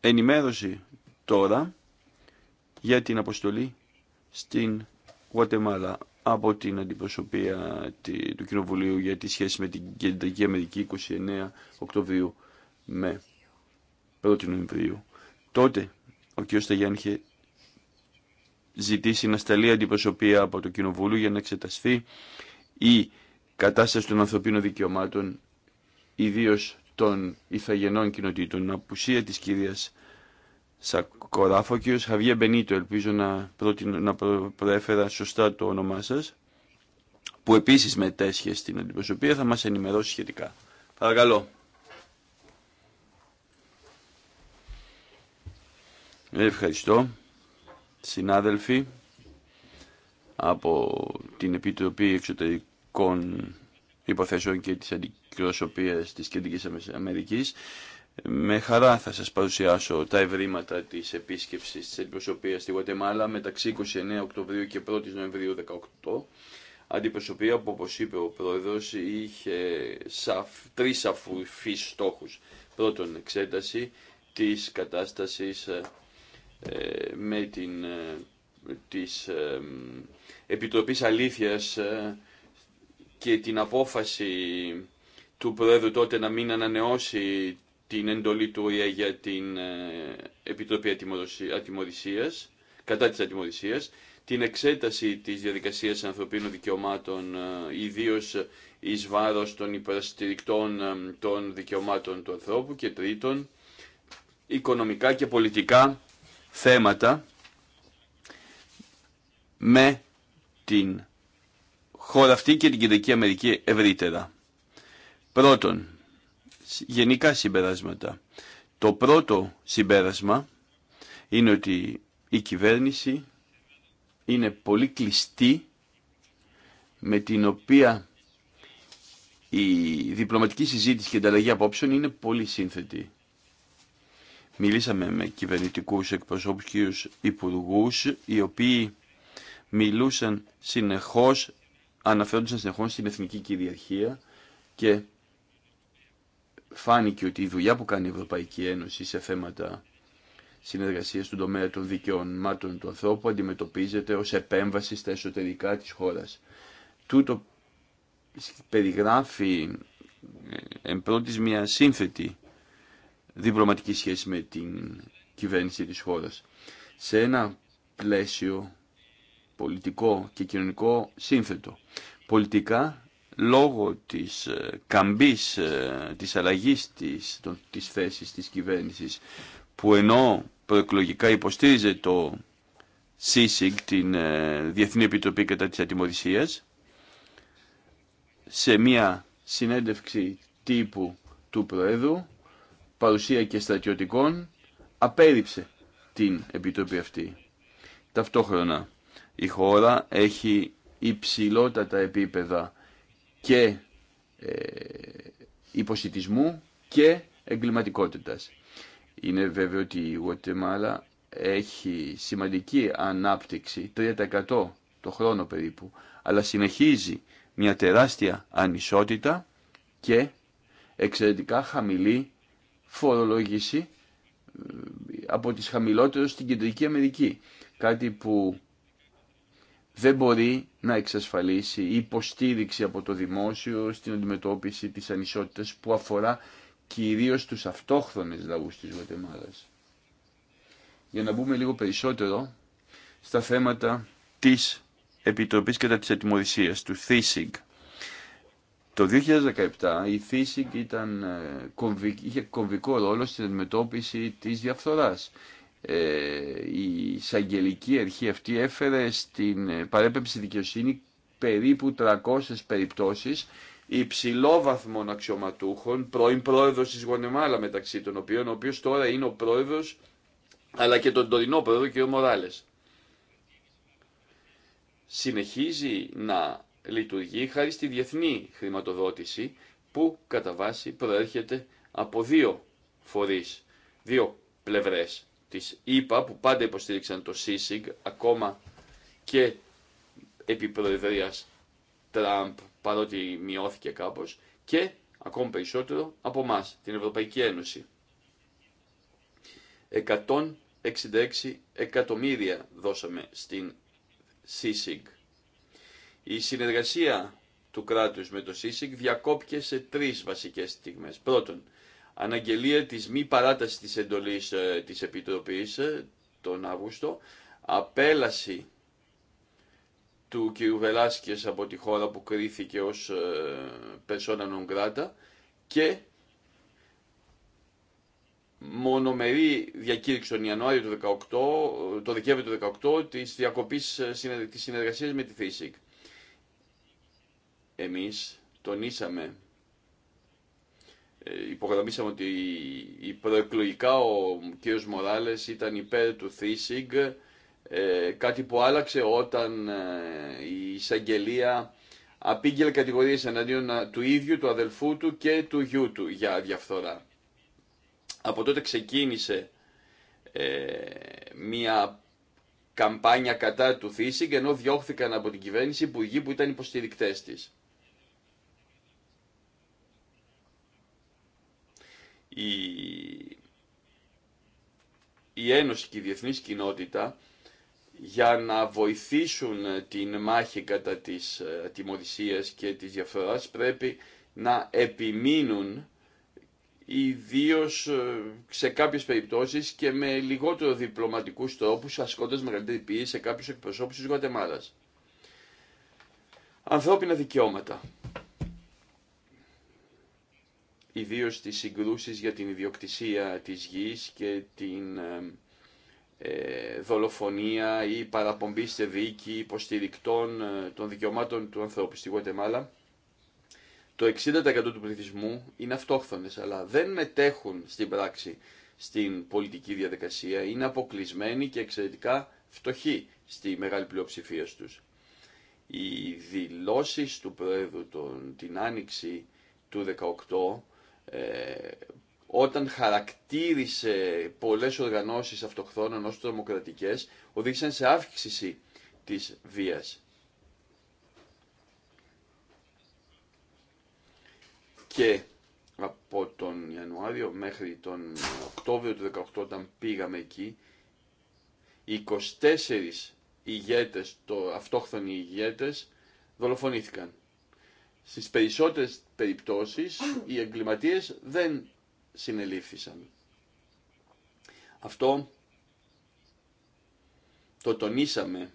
Ενημέρωση τώρα για την αποστολή στην Γουατεμάλα από την αντιπροσωπεία του Κοινοβουλίου για τη σχέση με την Κεντρική Αμερική 29 Οκτωβρίου με 1 Νοεμβρίου. Τότε ο κ. Σταγιάν είχε ζητήσει να σταλεί αντιπροσωπεία από το Κοινοβούλιο για να εξεταστεί η κατάσταση των ανθρωπίνων δικαιωμάτων, ιδίω των ηθαγενών κοινοτήτων. Απουσία της κυρία Σακοράφο, ο Χαβιέ Μπενίτο, ελπίζω να, να προέφερα σωστά το όνομά σα, που επίση μετέσχε στην αντιπροσωπεία, θα μα ενημερώσει σχετικά. Παρακαλώ. Ευχαριστώ συνάδελφοι από την Επιτροπή Εξωτερικών Υποθέσεων και της Αντικροσωπείας της Κεντρικής Αμερικής. Με χαρά θα σας παρουσιάσω τα ευρήματα της επίσκεψης της αντιπροσωπείας στη Γουατεμάλα μεταξύ 29 Οκτωβρίου και 1 Νοεμβρίου 2018. Αντιπροσωπεία που όπως είπε ο Πρόεδρος είχε σαφ, τρεις στόχου στόχους. Πρώτον εξέταση της κατάστασης ε, με την ε, της ε, Επιτροπής Αλήθειας και την απόφαση του Πρόεδρου τότε να μην ανανεώσει την εντολή του ΟΗΕ για την Επιτροπή Ατιμωρησίας, κατά της Ατιμωρησίας, την εξέταση της διαδικασίας ανθρωπίνων δικαιωμάτων, ιδίως εις βάρος των υπεραστηρικτών των δικαιωμάτων του ανθρώπου και τρίτον, οικονομικά και πολιτικά θέματα με την χώρα αυτή και την Κεντρική Αμερική ευρύτερα. Πρώτον, γενικά συμπεράσματα. Το πρώτο συμπέρασμα είναι ότι η κυβέρνηση είναι πολύ κλειστή με την οποία η διπλωματική συζήτηση και ανταλλαγή απόψεων είναι πολύ σύνθετη. Μιλήσαμε με κυβερνητικούς εκπροσώπους, και υπουργούς, οι οποίοι μιλούσαν συνεχώς, αναφέρονταν συνεχώς στην εθνική κυριαρχία και φάνηκε ότι η δουλειά που κάνει η Ευρωπαϊκή Ένωση σε θέματα συνεργασίας στον τομέα των δικαιωμάτων του ανθρώπου αντιμετωπίζεται ως επέμβαση στα εσωτερικά της χώρας. Τούτο περιγράφει ε, εν πρώτης μια σύνθετη διπλωματική σχέση με την κυβέρνηση της χώρας. Σε ένα πλαίσιο πολιτικό και κοινωνικό σύνθετο. Πολιτικά, λόγω της ε, καμπής, ε, της αλλαγής της, της θέσης της κυβέρνησης, που ενώ προεκλογικά υποστήριζε το ΣΥΣΙΚ, την ε, Διεθνή Επιτροπή κατά της Ατιμορρησίας, σε μια συνέντευξη τύπου του Προέδρου, παρουσία και στρατιωτικών απέριψε την επιτροπή αυτή. Ταυτόχρονα η χώρα έχει υψηλότατα επίπεδα και ε, υποσυτισμού και εγκληματικότητα. Είναι βέβαιο ότι η Γουατεμάλα έχει σημαντική ανάπτυξη, 3% το χρόνο περίπου, αλλά συνεχίζει μια τεράστια ανισότητα και εξαιρετικά χαμηλή φορολογήσει ε, από τις χαμηλότερες στην Κεντρική Αμερική. Κάτι που δεν μπορεί να εξασφαλίσει υποστήριξη από το δημόσιο στην αντιμετώπιση της ανισότητας που αφορά κυρίως τους αυτόχθονες λαούς της Γουατεμάλας. Για να μπούμε λίγο περισσότερο στα θέματα της Επιτροπής κατά της Ατιμορρησίας, του ΘΙΣΙΓ. Το 2017 η φύση ήταν, ε, είχε κομβικό ρόλο στην αντιμετώπιση της διαφθοράς. Ε, η εισαγγελική αρχή αυτή έφερε στην ε, παρέπεψη δικαιοσύνη περίπου 300 περιπτώσεις υψηλόβαθμων αξιωματούχων, πρώην πρόεδρος της Γονεμάλα μεταξύ των οποίων, ο οποίος τώρα είναι ο πρόεδρος, αλλά και τον τωρινό πρόεδρο κ. Μοράλες. Συνεχίζει να λειτουργεί χάρη στη διεθνή χρηματοδότηση που κατά βάση προέρχεται από δύο φορείς, δύο πλευρές της ΕΠΑ που πάντα υποστήριξαν το ΣΥΣΙΓ ακόμα και επί προεδρίας Τραμπ παρότι μειώθηκε κάπως και ακόμα περισσότερο από μας, την Ευρωπαϊκή Ένωση. 166 εκατομμύρια δώσαμε στην ΣΥΣΙΓ η συνεργασία του κράτους με το ΣΥΣΙΚ διακόπηκε σε τρεις βασικές στιγμές. Πρώτον, αναγγελία της μη παράταση της εντολής ε, της Επιτροπής ε, τον Αύγουστο, απέλαση του κ. Βελάσκες από τη χώρα που κρίθηκε ως ε, persona non grata και μονομερή διακήρυξη τον Ιανουάριο του 18, το Δεκέμβριο του 18 της διακοπής της συνεργασίας με τη ΦΥΣΙΚ. Εμείς τονίσαμε, ε, υπογραμμίσαμε ότι η προεκλογικά ο κ. Μοράλες ήταν υπέρ του ε, κάτι που άλλαξε όταν ε, η εισαγγελία απήγγελε κατηγορίες εναντίον ε, του ίδιου, του αδελφού του και του γιού του για διαφθορά. Από τότε ξεκίνησε ε, μια καμπάνια κατά του ΘΥΣΙΚ ενώ διώχθηκαν από την κυβέρνηση υπουργοί που ήταν υποστηρικτές της. η, η Ένωση και η διεθνής κοινότητα για να βοηθήσουν την μάχη κατά της ατιμοδησίας ε, και της διαφθοράς πρέπει να επιμείνουν ιδίω ε, σε κάποιες περιπτώσεις και με λιγότερο διπλωματικούς τρόπους ασκώντας μεγαλύτερη πίεση σε κάποιους εκπροσώπους της Γουατεμάλας. Ανθρώπινα δικαιώματα ιδίως τις συγκρούσεις για την ιδιοκτησία της γης και την ε, δολοφονία ή παραπομπή σε δίκη υποστηρικτών ε, των δικαιωμάτων του ανθρώπου στη Γουατεμάλα. Το 60% του πληθυσμού είναι αυτόχθονες, αλλά δεν μετέχουν στην πράξη στην πολιτική διαδικασία, είναι αποκλεισμένοι και εξαιρετικά φτωχοί στη μεγάλη πλειοψηφία τους. Οι δηλώσεις του Πρόεδρου την Άνοιξη του 18 ε, όταν χαρακτήρισε πολλές οργανώσεις αυτοχθόνων ως τρομοκρατικές, οδήγησαν σε αύξηση της βίας. Και από τον Ιανουάριο μέχρι τον Οκτώβριο του 2018 όταν πήγαμε εκεί, 24 ηγέτες, το αυτόχθονοι ηγέτες, δολοφονήθηκαν. Στις περισσότερες περιπτώσεις οι εγκληματίες δεν συνελήφθησαν. Αυτό το τονίσαμε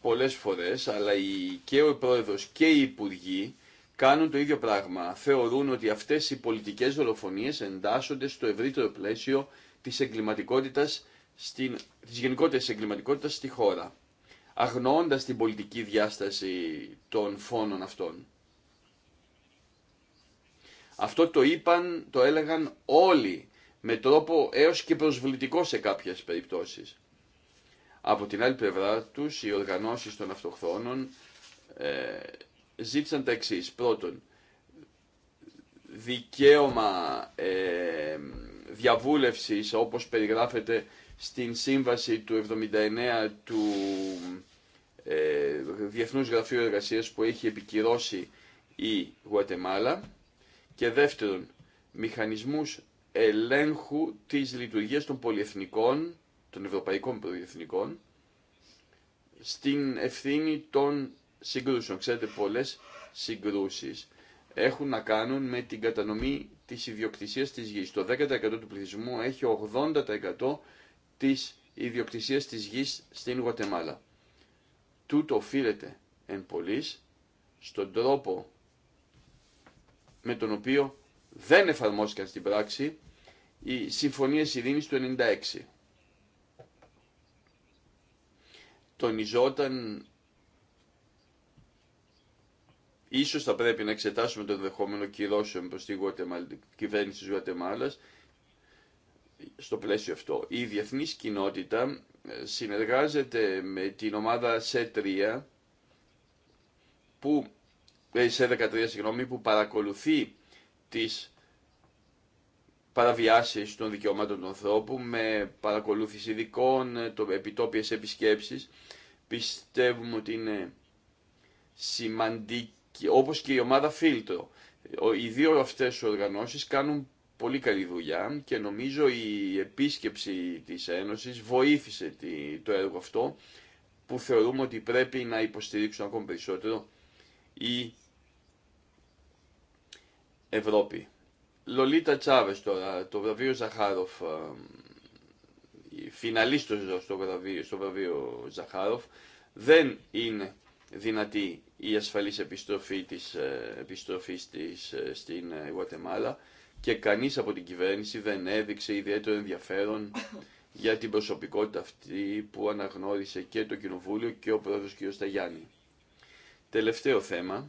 πολλές φορές, αλλά η, και ο πρόεδρος και οι υπουργοί κάνουν το ίδιο πράγμα. Θεωρούν ότι αυτές οι πολιτικές δολοφονίες εντάσσονται στο ευρύτερο πλαίσιο της εγκληματικότητας στην, της γενικότερης εγκληματικότητας στη χώρα, αγνοώντας την πολιτική διάσταση των φόνων αυτών. Αυτό το είπαν, το έλεγαν όλοι, με τρόπο έως και προσβλητικό σε κάποιες περιπτώσεις. Από την άλλη πλευρά τους, οι οργανώσεις των αυτοχθόνων ε, ζήτησαν τα εξή Πρώτον, δικαίωμα ε, διαβούλευσης όπως περιγράφεται στην σύμβαση του 79 του ε, Διεθνούς Γραφείου Εργασίας που έχει επικυρώσει η Γουατεμάλα και δεύτερον μηχανισμούς ελέγχου της λειτουργίας των πολυεθνικών, των ευρωπαϊκών πολυεθνικών στην ευθύνη των συγκρούσεων. Ξέρετε πολλές συγκρούσεις έχουν να κάνουν με την κατανομή της ιδιοκτησίας της γης. Το 10% του πληθυσμού έχει 80% της ιδιοκτησίας της γης στην Γουατεμάλα. Τούτο οφείλεται εν πολλής στον τρόπο με τον οποίο δεν εφαρμόστηκαν στην πράξη οι συμφωνίες ειρήνης του 1996. Τονιζόταν Ίσως θα πρέπει να εξετάσουμε το δεχόμενο κυρώσεων προς τη, κυβέρνηση της Γουατεμάλας στο πλαίσιο αυτό. Η διεθνής κοινότητα ε, συνεργάζεται με την ομάδα C3 που, C13 ε, συγγνώμη, που παρακολουθεί τις παραβιάσεις των δικαιωμάτων του ανθρώπου με παρακολούθηση ειδικών, ε, το, επιτόπιες επισκέψεις. Πιστεύουμε ότι είναι σημαντική, όπως και η ομάδα Φίλτρο. Οι δύο αυτές οργανώσεις κάνουν πολύ καλή δουλειά και νομίζω η επίσκεψη της Ένωσης βοήθησε το έργο αυτό που θεωρούμε ότι πρέπει να υποστηρίξουν ακόμη περισσότερο η Ευρώπη. Λολίτα Τσάβες τώρα, το βραβείο Ζαχάροφ, ε, η φιναλίστος στο βραβείο, στο βραβείο Ζαχάροφ, δεν είναι δυνατή η ασφαλής επιστροφή της, ε, επιστροφής της ε, στην Γουατεμάλα και κανείς από την κυβέρνηση δεν έδειξε ιδιαίτερο ενδιαφέρον για την προσωπικότητα αυτή που αναγνώρισε και το Κοινοβούλιο και ο πρόεδρος κ. Σταγιάννη. Τελευταίο θέμα,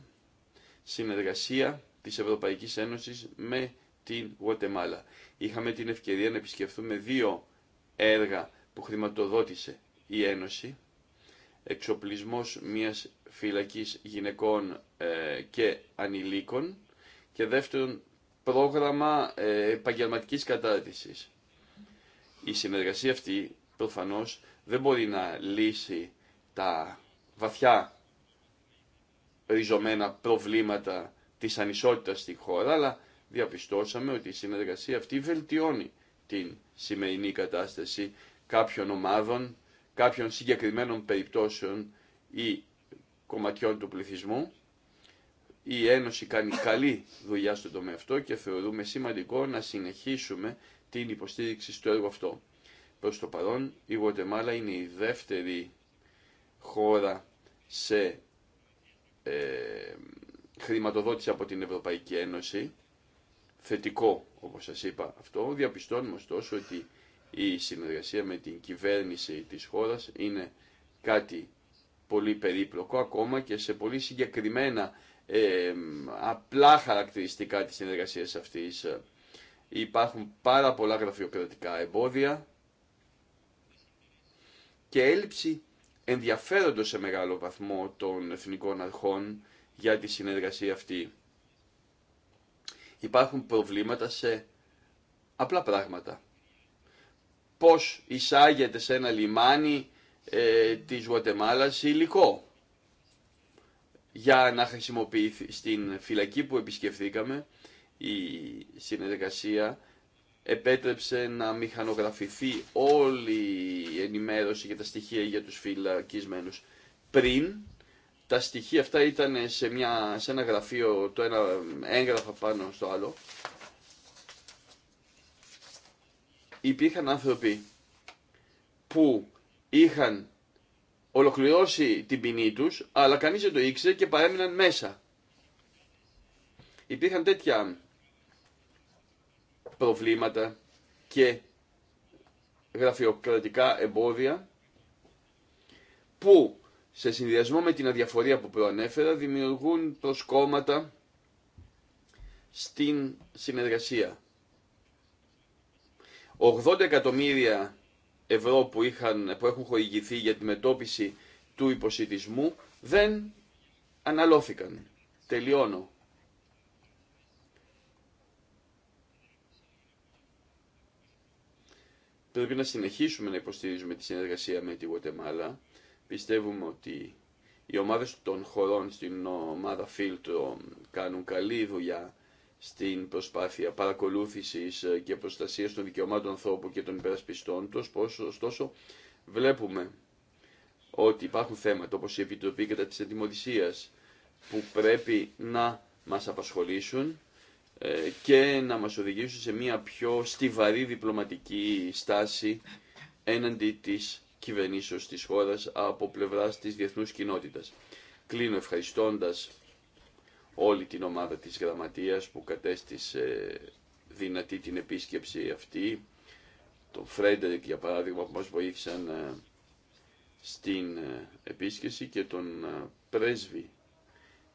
συνεργασία της Ευρωπαϊκής Ένωσης με την Γουατεμάλα. Είχαμε την ευκαιρία να επισκεφθούμε δύο έργα που χρηματοδότησε η Ένωση, εξοπλισμός μιας φυλακής γυναικών ε, και ανηλίκων και δεύτερον πρόγραμμα ε, επαγγελματική κατάρτισης. Η συνεργασία αυτή προφανώ δεν μπορεί να λύσει τα βαθιά ριζωμένα προβλήματα της ανισότητας στη χώρα, αλλά διαπιστώσαμε ότι η συνεργασία αυτή βελτιώνει την σημερινή κατάσταση κάποιων ομάδων, κάποιων συγκεκριμένων περιπτώσεων ή κομματιών του πληθυσμού η Ένωση κάνει καλή δουλειά στον τομέα αυτό και θεωρούμε σημαντικό να συνεχίσουμε την υποστήριξη στο έργο αυτό. Προς το παρόν η Γουατεμάλα είναι η δεύτερη χώρα σε ε, χρηματοδότηση από την Ευρωπαϊκή Ένωση, θετικό όπως σας είπα αυτό, διαπιστώνουμε ωστόσο ότι η συνεργασία με την κυβέρνηση της χώρας είναι κάτι πολύ περίπλοκο ακόμα και σε πολύ συγκεκριμένα απλά χαρακτηριστικά της συνεργασίας αυτής. Ε, υπάρχουν πάρα πολλά γραφειοκρατικά εμπόδια και έλλειψη ενδιαφέροντος σε μεγάλο βαθμό των εθνικών αρχών για τη συνεργασία αυτή. Υπάρχουν προβλήματα σε απλά πράγματα. Πώς εισάγεται σε ένα λιμάνι ε, της Γουατεμάλας υλικό για να χρησιμοποιηθεί στην φυλακή που επισκεφθήκαμε η συνεργασία επέτρεψε να μηχανογραφηθεί όλη η ενημέρωση για τα στοιχεία για τους φυλακισμένους πριν τα στοιχεία αυτά ήταν σε, μια, σε ένα γραφείο, το ένα έγγραφα πάνω στο άλλο. Υπήρχαν άνθρωποι που είχαν ολοκληρώσει την ποινή του, αλλά κανεί δεν το ήξερε και παρέμειναν μέσα. Υπήρχαν τέτοια προβλήματα και γραφειοκρατικά εμπόδια που σε συνδυασμό με την αδιαφορία που προανέφερα δημιουργούν προσκόμματα στην συνεργασία. 80 εκατομμύρια ευρώ που, είχαν, που έχουν χορηγηθεί για τη μετώπιση του υποσυτισμού δεν αναλώθηκαν. Τελειώνω. Πρέπει να συνεχίσουμε να υποστηρίζουμε τη συνεργασία με τη Γουατεμάλα. Πιστεύουμε ότι οι ομάδες των χωρών στην ομάδα φίλτρο ε, κάνουν καλή δουλειά στην προσπάθεια παρακολούθησης ε, και προστασίας των δικαιωμάτων ανθρώπου και των υπερασπιστών του. ωστόσο βλέπουμε ότι υπάρχουν θέματα όπως η Επιτροπή κατά της Εντιμοδησίας που πρέπει να μας απασχολήσουν ε, και να μας οδηγήσουν σε μια πιο στιβαρή διπλωματική στάση έναντι της κυβερνήσεως της χώρας από πλευράς της διεθνούς κοινότητας. Κλείνω ευχαριστώντας όλη την ομάδα της γραμματείας που κατέστησε δυνατή την επίσκεψη αυτή. Τον Φρέντερικ για παράδειγμα που μας βοήθησαν ε, στην ε, επίσκεψη και τον ε, πρέσβη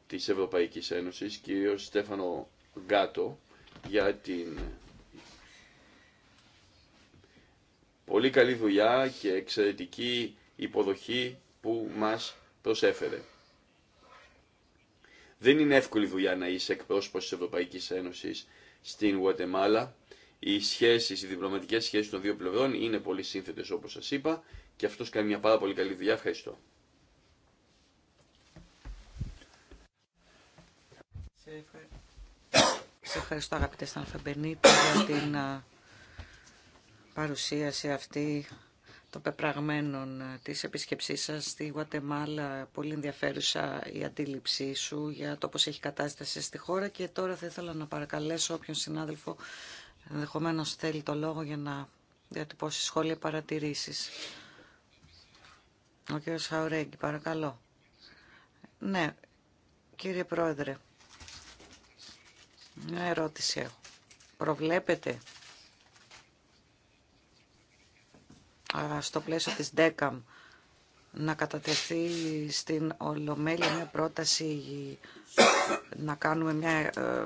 της Ευρωπαϊκής Ένωσης, κύριο Στέφανο Γκάτο, για την πολύ καλή δουλειά και εξαιρετική υποδοχή που μας προσέφερε. Δεν είναι εύκολη δουλειά να είσαι εκπρόσωπος της Ευρωπαϊκής Ένωσης στην Γουατεμάλα. Οι σχέσεις, οι διπλωματικές σχέσεις των δύο πλευρών είναι πολύ σύνθετες όπως σας είπα και αυτός κάνει μια πάρα πολύ καλή δουλειά. Ευχαριστώ. Σε ευχαριστώ αγαπητέ για την παρουσίαση αυτή των πεπραγμένων ε, της επισκεψής σας στη Γουατεμάλα. Πολύ ενδιαφέρουσα η αντίληψή σου για το πώς έχει κατάσταση στη χώρα και τώρα θα ήθελα να παρακαλέσω όποιον συνάδελφο ενδεχομένω θέλει το λόγο για να διατυπώσει σχόλια παρατηρήσεις. Ο κ. Χαουρέγγι, παρακαλώ. Ναι, κύριε Πρόεδρε, μια ερώτηση έχω. Προβλέπετε στο πλαίσιο της ΔΕΚΑΜ να κατατεθεί στην Ολομέλεια μια πρόταση να κάνουμε μια ε,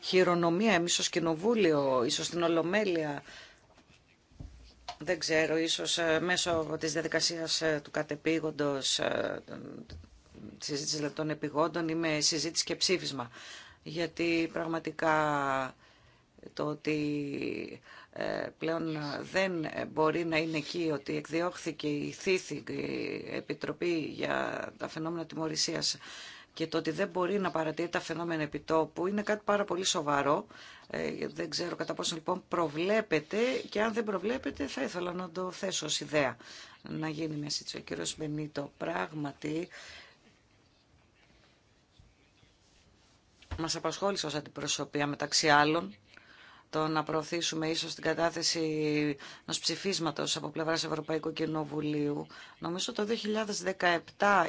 χειρονομία εμείς ως κοινοβούλιο, ίσως στην Ολομέλεια, δεν ξέρω, ίσως ε, μέσω της διαδικασίας ε, του κατεπήγοντος, της συζήτησης των επιγόντων ή με συζήτηση και ψήφισμα. Γιατί πραγματικά το ότι ε, πλέον δεν μπορεί να είναι εκεί ότι εκδιώχθηκε η θήθη η Επιτροπή για τα φαινόμενα τιμωρησίας και το ότι δεν μπορεί να παρατηρεί τα φαινόμενα επιτόπου είναι κάτι πάρα πολύ σοβαρό. Ε, δεν ξέρω κατά πόσο λοιπόν προβλέπεται και αν δεν προβλέπεται θα ήθελα να το θέσω ως ιδέα να γίνει μια σύντηση. Ο κύριος Μπενίτο πράγματι μας απασχόλησε ως αντιπροσωπεία μεταξύ άλλων το να προωθήσουμε ίσως την κατάθεση ενό ψηφίσματος από πλευρά Ευρωπαϊκού Κοινοβουλίου. Νομίζω το 2017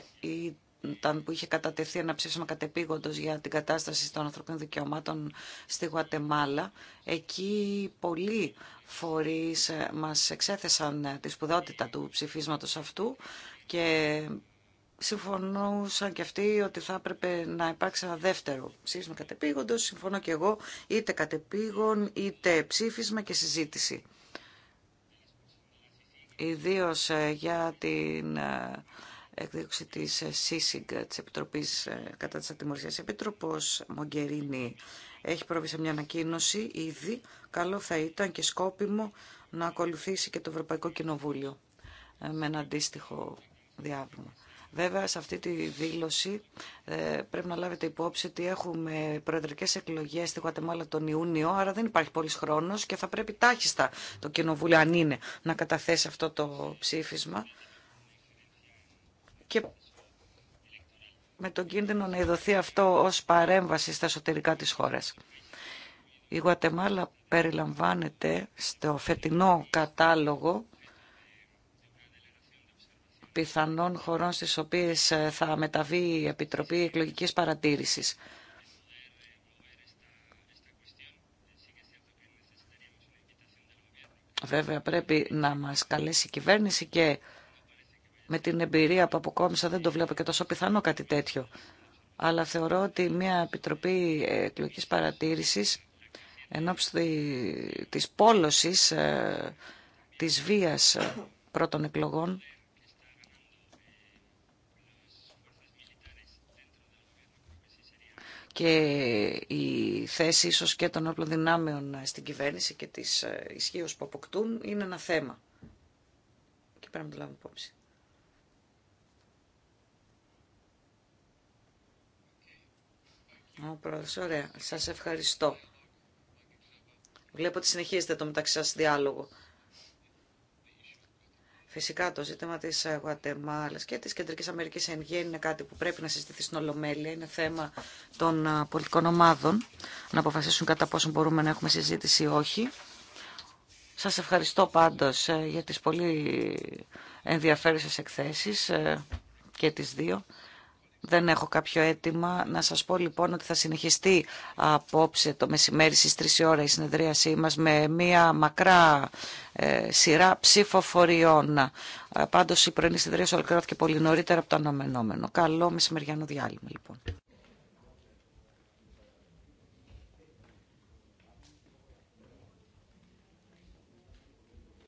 ήταν που είχε κατατεθεί ένα ψήφισμα κατεπίγοντος για την κατάσταση των ανθρωπίνων δικαιωμάτων στη Γουατεμάλα. Εκεί πολλοί φορείς μας εξέθεσαν τη σπουδότητα του ψηφίσματος αυτού και συμφωνούσαν και αυτοί ότι θα έπρεπε να υπάρξει ένα δεύτερο ψήφισμα κατεπήγοντος. Συμφωνώ και εγώ, είτε κατεπήγον, είτε ψήφισμα και συζήτηση. Ιδίω ε, για την ε, εκδίωξη της ΣΥΣΙΓ, ε, της Επιτροπής κατά της Ατιμορφίας. Επιτροπός Μογκερίνη έχει προβεί σε μια ανακοίνωση ήδη. Καλό θα ήταν και σκόπιμο να ακολουθήσει και το Ευρωπαϊκό Κοινοβούλιο με ένα αντίστοιχο διάβημα. Βέβαια, σε αυτή τη δήλωση ε, πρέπει να λάβετε υπόψη ότι έχουμε προεδρικέ εκλογέ στη Γουατεμάλα τον Ιούνιο, άρα δεν υπάρχει πολύ χρόνο και θα πρέπει τάχιστα το Κοινοβούλιο, αν είναι, να καταθέσει αυτό το ψήφισμα. Και με τον κίνδυνο να ειδωθεί αυτό ως παρέμβαση στα εσωτερικά της χώρας. Η Γουατεμάλα περιλαμβάνεται στο φετινό κατάλογο πιθανών χωρών στις οποίες ε, θα μεταβεί η Επιτροπή Εκλογικής Παρατήρησης. Βέβαια πρέπει να μας καλέσει η κυβέρνηση και με την εμπειρία που αποκόμισα δεν το βλέπω και τόσο πιθανό κάτι τέτοιο. Αλλά θεωρώ ότι μια Επιτροπή Εκλογικής Παρατήρησης εν της πόλωσης ε, της βίας ε, πρώτων εκλογών και η θέση ίσως και των όπλων δυνάμεων στην κυβέρνηση και της ε, ισχύω που αποκτούν είναι ένα θέμα. Και πρέπει να το λάβουμε υπόψη. Ο πρόεδρος, ωραία. Σας ευχαριστώ. Βλέπω ότι συνεχίζετε το μεταξύ σας διάλογο. Φυσικά το ζήτημα της ε, Γουατεμάλα και της Κεντρικής Αμερικής εν είναι κάτι που πρέπει να συζητηθεί στην Ολομέλεια. Είναι θέμα των ε, πολιτικών ομάδων να αποφασίσουν κατά πόσο μπορούμε να έχουμε συζήτηση ή όχι. Σας ευχαριστώ πάντως ε, για τις πολύ ενδιαφέρουσες εκθέσεις και τις δύο. Δεν έχω κάποιο αίτημα. Να σας πω λοιπόν ότι θα συνεχιστεί απόψε το μεσημέρι στις 3 ώρα η συνεδρίασή μας με μια μακρά ε, σειρά ψηφοφοριών. Ε, πάντως η πρωινή συνεδρίαση ολοκληρώθηκε πολύ νωρίτερα από το αναμενόμενο. Καλό μεσημεριανό διάλειμμα λοιπόν.